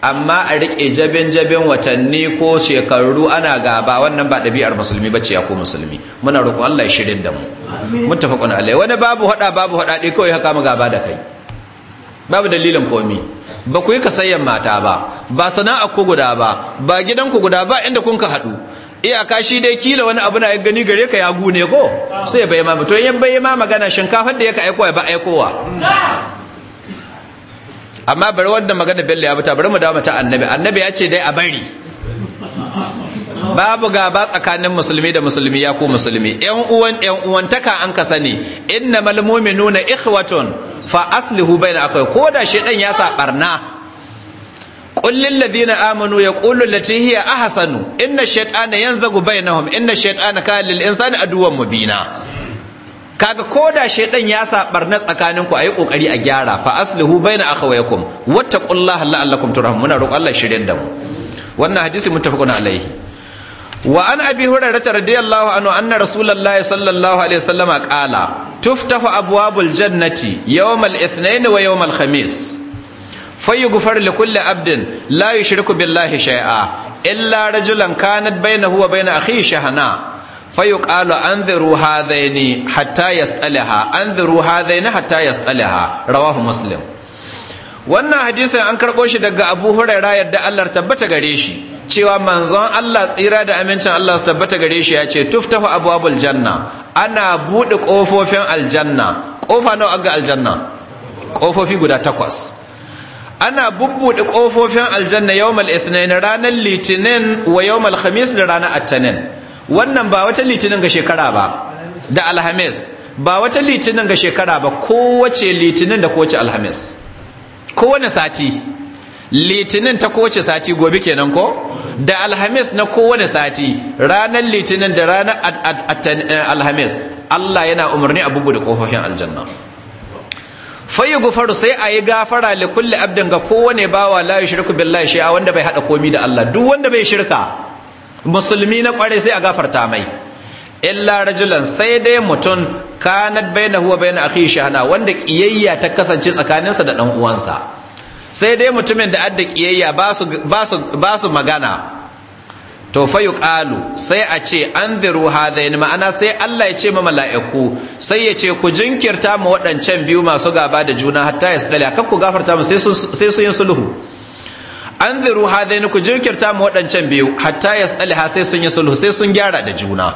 amma a riƙe jabin-jabin watanni ko shekaru ana gaba wannan ba ɗabi'ar musulmi ba ce ya ko musulmi muna roƙo Allah ya shirin da mu muttafaqun alai wani babu hada babu hada dai kawai haka mu gaba da kai babu dalilin komi ba ku yi kasayyan mata ba ba sana'a ku guda ba ba gidan ku guda ba inda kun ka haɗu iyaka shi dai kila wani abu na ya gani gare ka ya gune ko sai bai ma to yan bai bayyana magana shinkafar da ya ka aikowa ba aikowa amma bari wanda magana bello ya buta bari mu dawo ta annabi annabi ya ce dai a bari babu gaba tsakanin musulmi da musulmi ya ku musulmi yan uwan yan uwantaka an ka sani innamal mu'minuna ikhwatun fa aslihu baina akwai ko da shedan ya sa barna qul lil ladina amanu yaqulu allati hiya ahsanu inna shaytana yanzagu bainahum inna shaytana kana lil insani aduwwan mubina kaga ko da shaidan ya sabar na tsakanin ku ayi kokari a gyara fa aslihu baina akhawaykum wattaqullaha la'allakum turhamun muna roƙon Allah shirin da mu wannan hadisi muttafaqun alaihi wa an abi hurairah radiyallahu anhu anna rasulullahi sallallahu alaihi wasallam qala tuftahu abwabul jannati yawmal ithnain wa yawmal khamis fayughfar likulli abdin la yushriku billahi shay'a illa rajulan kanat bainahu wa bain akhihi shahana fayuqalu anziru hadaini hatta yastalaha anziru hadaini hatta yastalaha rawahu muslim wannan hadisin an karbo shi daga Abu Hurairah yadda Allah tabbata gare shi cewa manzon Allah tsira da amincin Allah su tabbata gare shi ya ce tuftahu abwabul janna ana buɗe kofofin aljanna ƙofa nawa ga aljanna ƙofofi guda takwas ana bubbude ƙofofin aljanna yawmal ithnain ranar litinin wa yawmal khamis ranan ranar wannan ba wata litinin ga shekara ba da alhamis ba wata litinin ga shekara ba kowace litinin da kowace alhamis kowane sati litinin ta kowace sati gobe kenan ko da alhamis na kowane sati ranar litinin da ranar eh, alhamis Allah yana umarni a bugu da kofofin aljanna fayi gufaru sai a yi gafara li abdin ga kowane bawa la yushriku billahi shay'a wanda bai haɗa komi da Allah duk wanda bai shirka musulmi na kware sai a gafarta mai illa rajulan sai dai mutum kanat baina huwa baina akhi shahana wanda kiyayya ta kasance tsakaninsa da dan uwansa sai dai mutumin da adda kiyayya ba su magana to fa sai a ce anziru hadain ma'ana sai Allah ya ce ma mala'iku sai ya ce ku jinkirta mu waɗancan biyu masu gaba da juna hatta yasdala kakku gafarta mu sai su sai su yin sulhu an ziru hadaini ku jirkirta mu waɗancan biyu hatta ya sai sun yi sulhu sai sun gyara da juna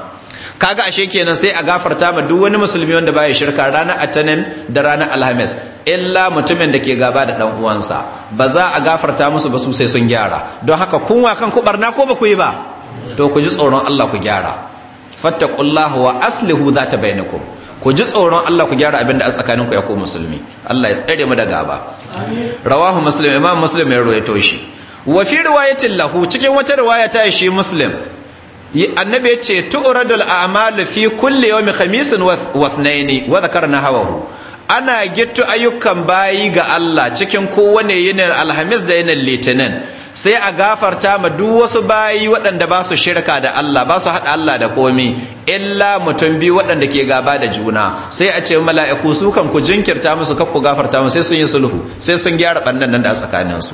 kaga ashe kenan sai a gafarta ma duk wani musulmi wanda baya shirka ranar atanin da ranar alhamis illa mutumin da ke gaba da dan uwansa ba za a gafarta musu ba su sai sun gyara don haka kun wa kan barna ko ba ku yi ba to ku ji tsoron Allah ku gyara fattaqullaha wa aslihu zata bainakum ku ji tsoron Allah ku gyara abinda da a tsakaninku ya ku musulmi Allah ya tsare mu da gaba rawahu muslim imam muslim ya ruwaito shi wa fi riwayatin lahu cikin wata riwaya ta shi muslim annabi yace al-a'mal fi kulli yawmi khamisin wa ithnaini wa dhakarna hawahu ana gittu ayyukan bayi ga Allah cikin kowane yinin alhamis da yinin litinin sai a gafarta ma duk wasu bayi waɗanda ba su shirka da Allah ba su haɗa Allah da komi illa mutum biyu waɗanda ke gaba da juna sai a ce mala'iku su kan ku jinkirta musu kakku gafarta musu sai sun yi sulhu sai sun gyara ɓannan nan da tsakaninsu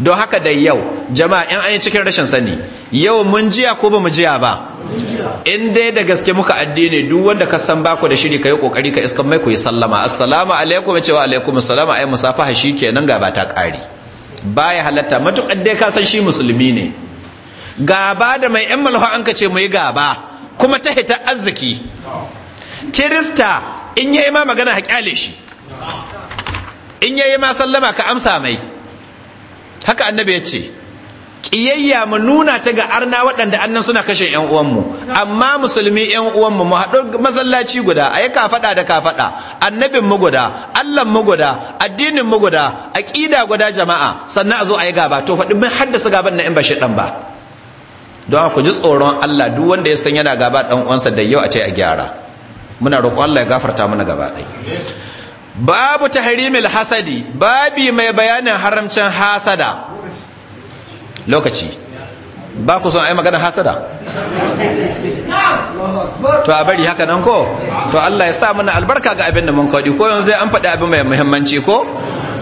don haka da yau jama'a yan an yi cikin rashin sani yau mun jiya ko ba mu jiya ba in dai da gaske muka addini duk wanda ka san bako da shiri kai kokari ka iskan mai ku yi sallama assalamu alaikum ce wa alaikum assalamu ai musafaha shikenan ga ba ta kari baya halatta matukar dai ka san shi musulmi ne gaba da mai yan malha an ce mu yi gaba kuma ta hita arziki kirista in yayi ma magana haƙale shi in yayi ma sallama ka amsa mai haka annabi ya ce ƙiyayya mu nuna ta ga arna waɗanda annan suna kashe ƴan uwanmu amma musulmi yan uwanmu mu haɗu masallaci guda a yi kafaɗa da kafaɗa annabin mu guda allan mu guda addinin mu guda aƙida guda jama'a sannan a zo a yi gaba to faɗi mun haddasa gaban na in ba ɗan ba don ku ji tsoron Allah duk wanda ya san yana gaba ɗan uwansa da yau a ce a gyara muna roƙon Allah ya gafarta mana gaba ɗaya babu tahrimil hasadi babi mai bayanin haramcin hasada lokaci ba ku son ai magana hasada to a bari haka nan ko to Allah ya sa mana albarka ga abin da mun kodi ko yanzu dai an faɗi abin mai muhimmanci ko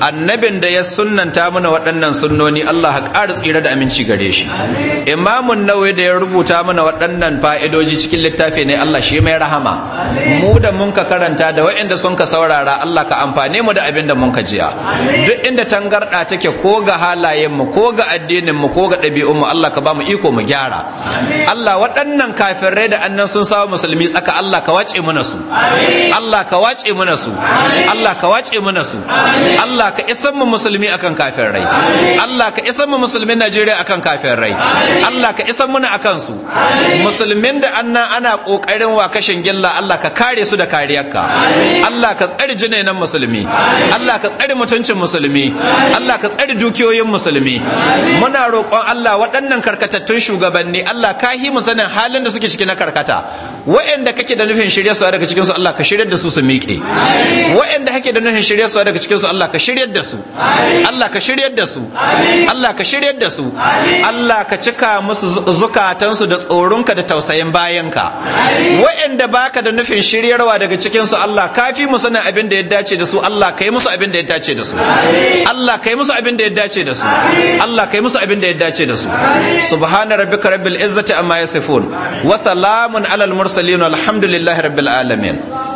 annabin da ya sunnanta mana waɗannan sunnoni Allah ha ƙara tsira da aminci gare shi imamun nawai da ya rubuta mana waɗannan fa'idoji cikin littafi ne Allah shi mai rahama mu da mun ka karanta da waɗanda sun ka saurara Allah ka amfane mu da abin da mun ka jiya duk inda tangarɗa take ko ga halayen mu ko ga addinin mu ko ga ɗabi'un mu Allah ka ba mu iko mu gyara Allah waɗannan kafirai da annan sun samu musulmi tsaka Allah ka wace mana su Allah ka wace mana su Allah ka wace mana su Allah Allah ka isan mu musulmi akan kafin rai Allah ka isan mu musulmin Najeriya akan kafin rai Allah ka isan muna akan su musulmin da anna ana kokarin wa kashin gilla Allah ka kare su da kariyarka Allah ka tsare jinainan musulmi Allah ka tsare mutuncin musulmi Allah ka tsare dukiyoyin musulmi muna roƙon Allah waɗannan karkatattun shugabanni Allah ka hi mu sanin halin da suke ciki na karkata waɗanda kake da nufin shirye su daga cikin su Allah ka shirye da su su miƙe waɗanda kake da nufin shirye su daga cikin su Allah ka shirye shiryar da su Allah ka shiryar da su Allah ka shiryar da su Allah ka cika musu zukatansu da tsoronka da tausayin bayanka wa'anda baka da nufin shiryarwa daga cikin su Allah kafi mu sanin abin da ya dace da su Allah kai musu abin da ya dace da su Allah kai musu abin da ya dace da su Allah kai musu abin da ya dace da su subhana rabbika rabbil izzati amma yasifun wa salamun alal mursalin walhamdulillahi rabbil alamin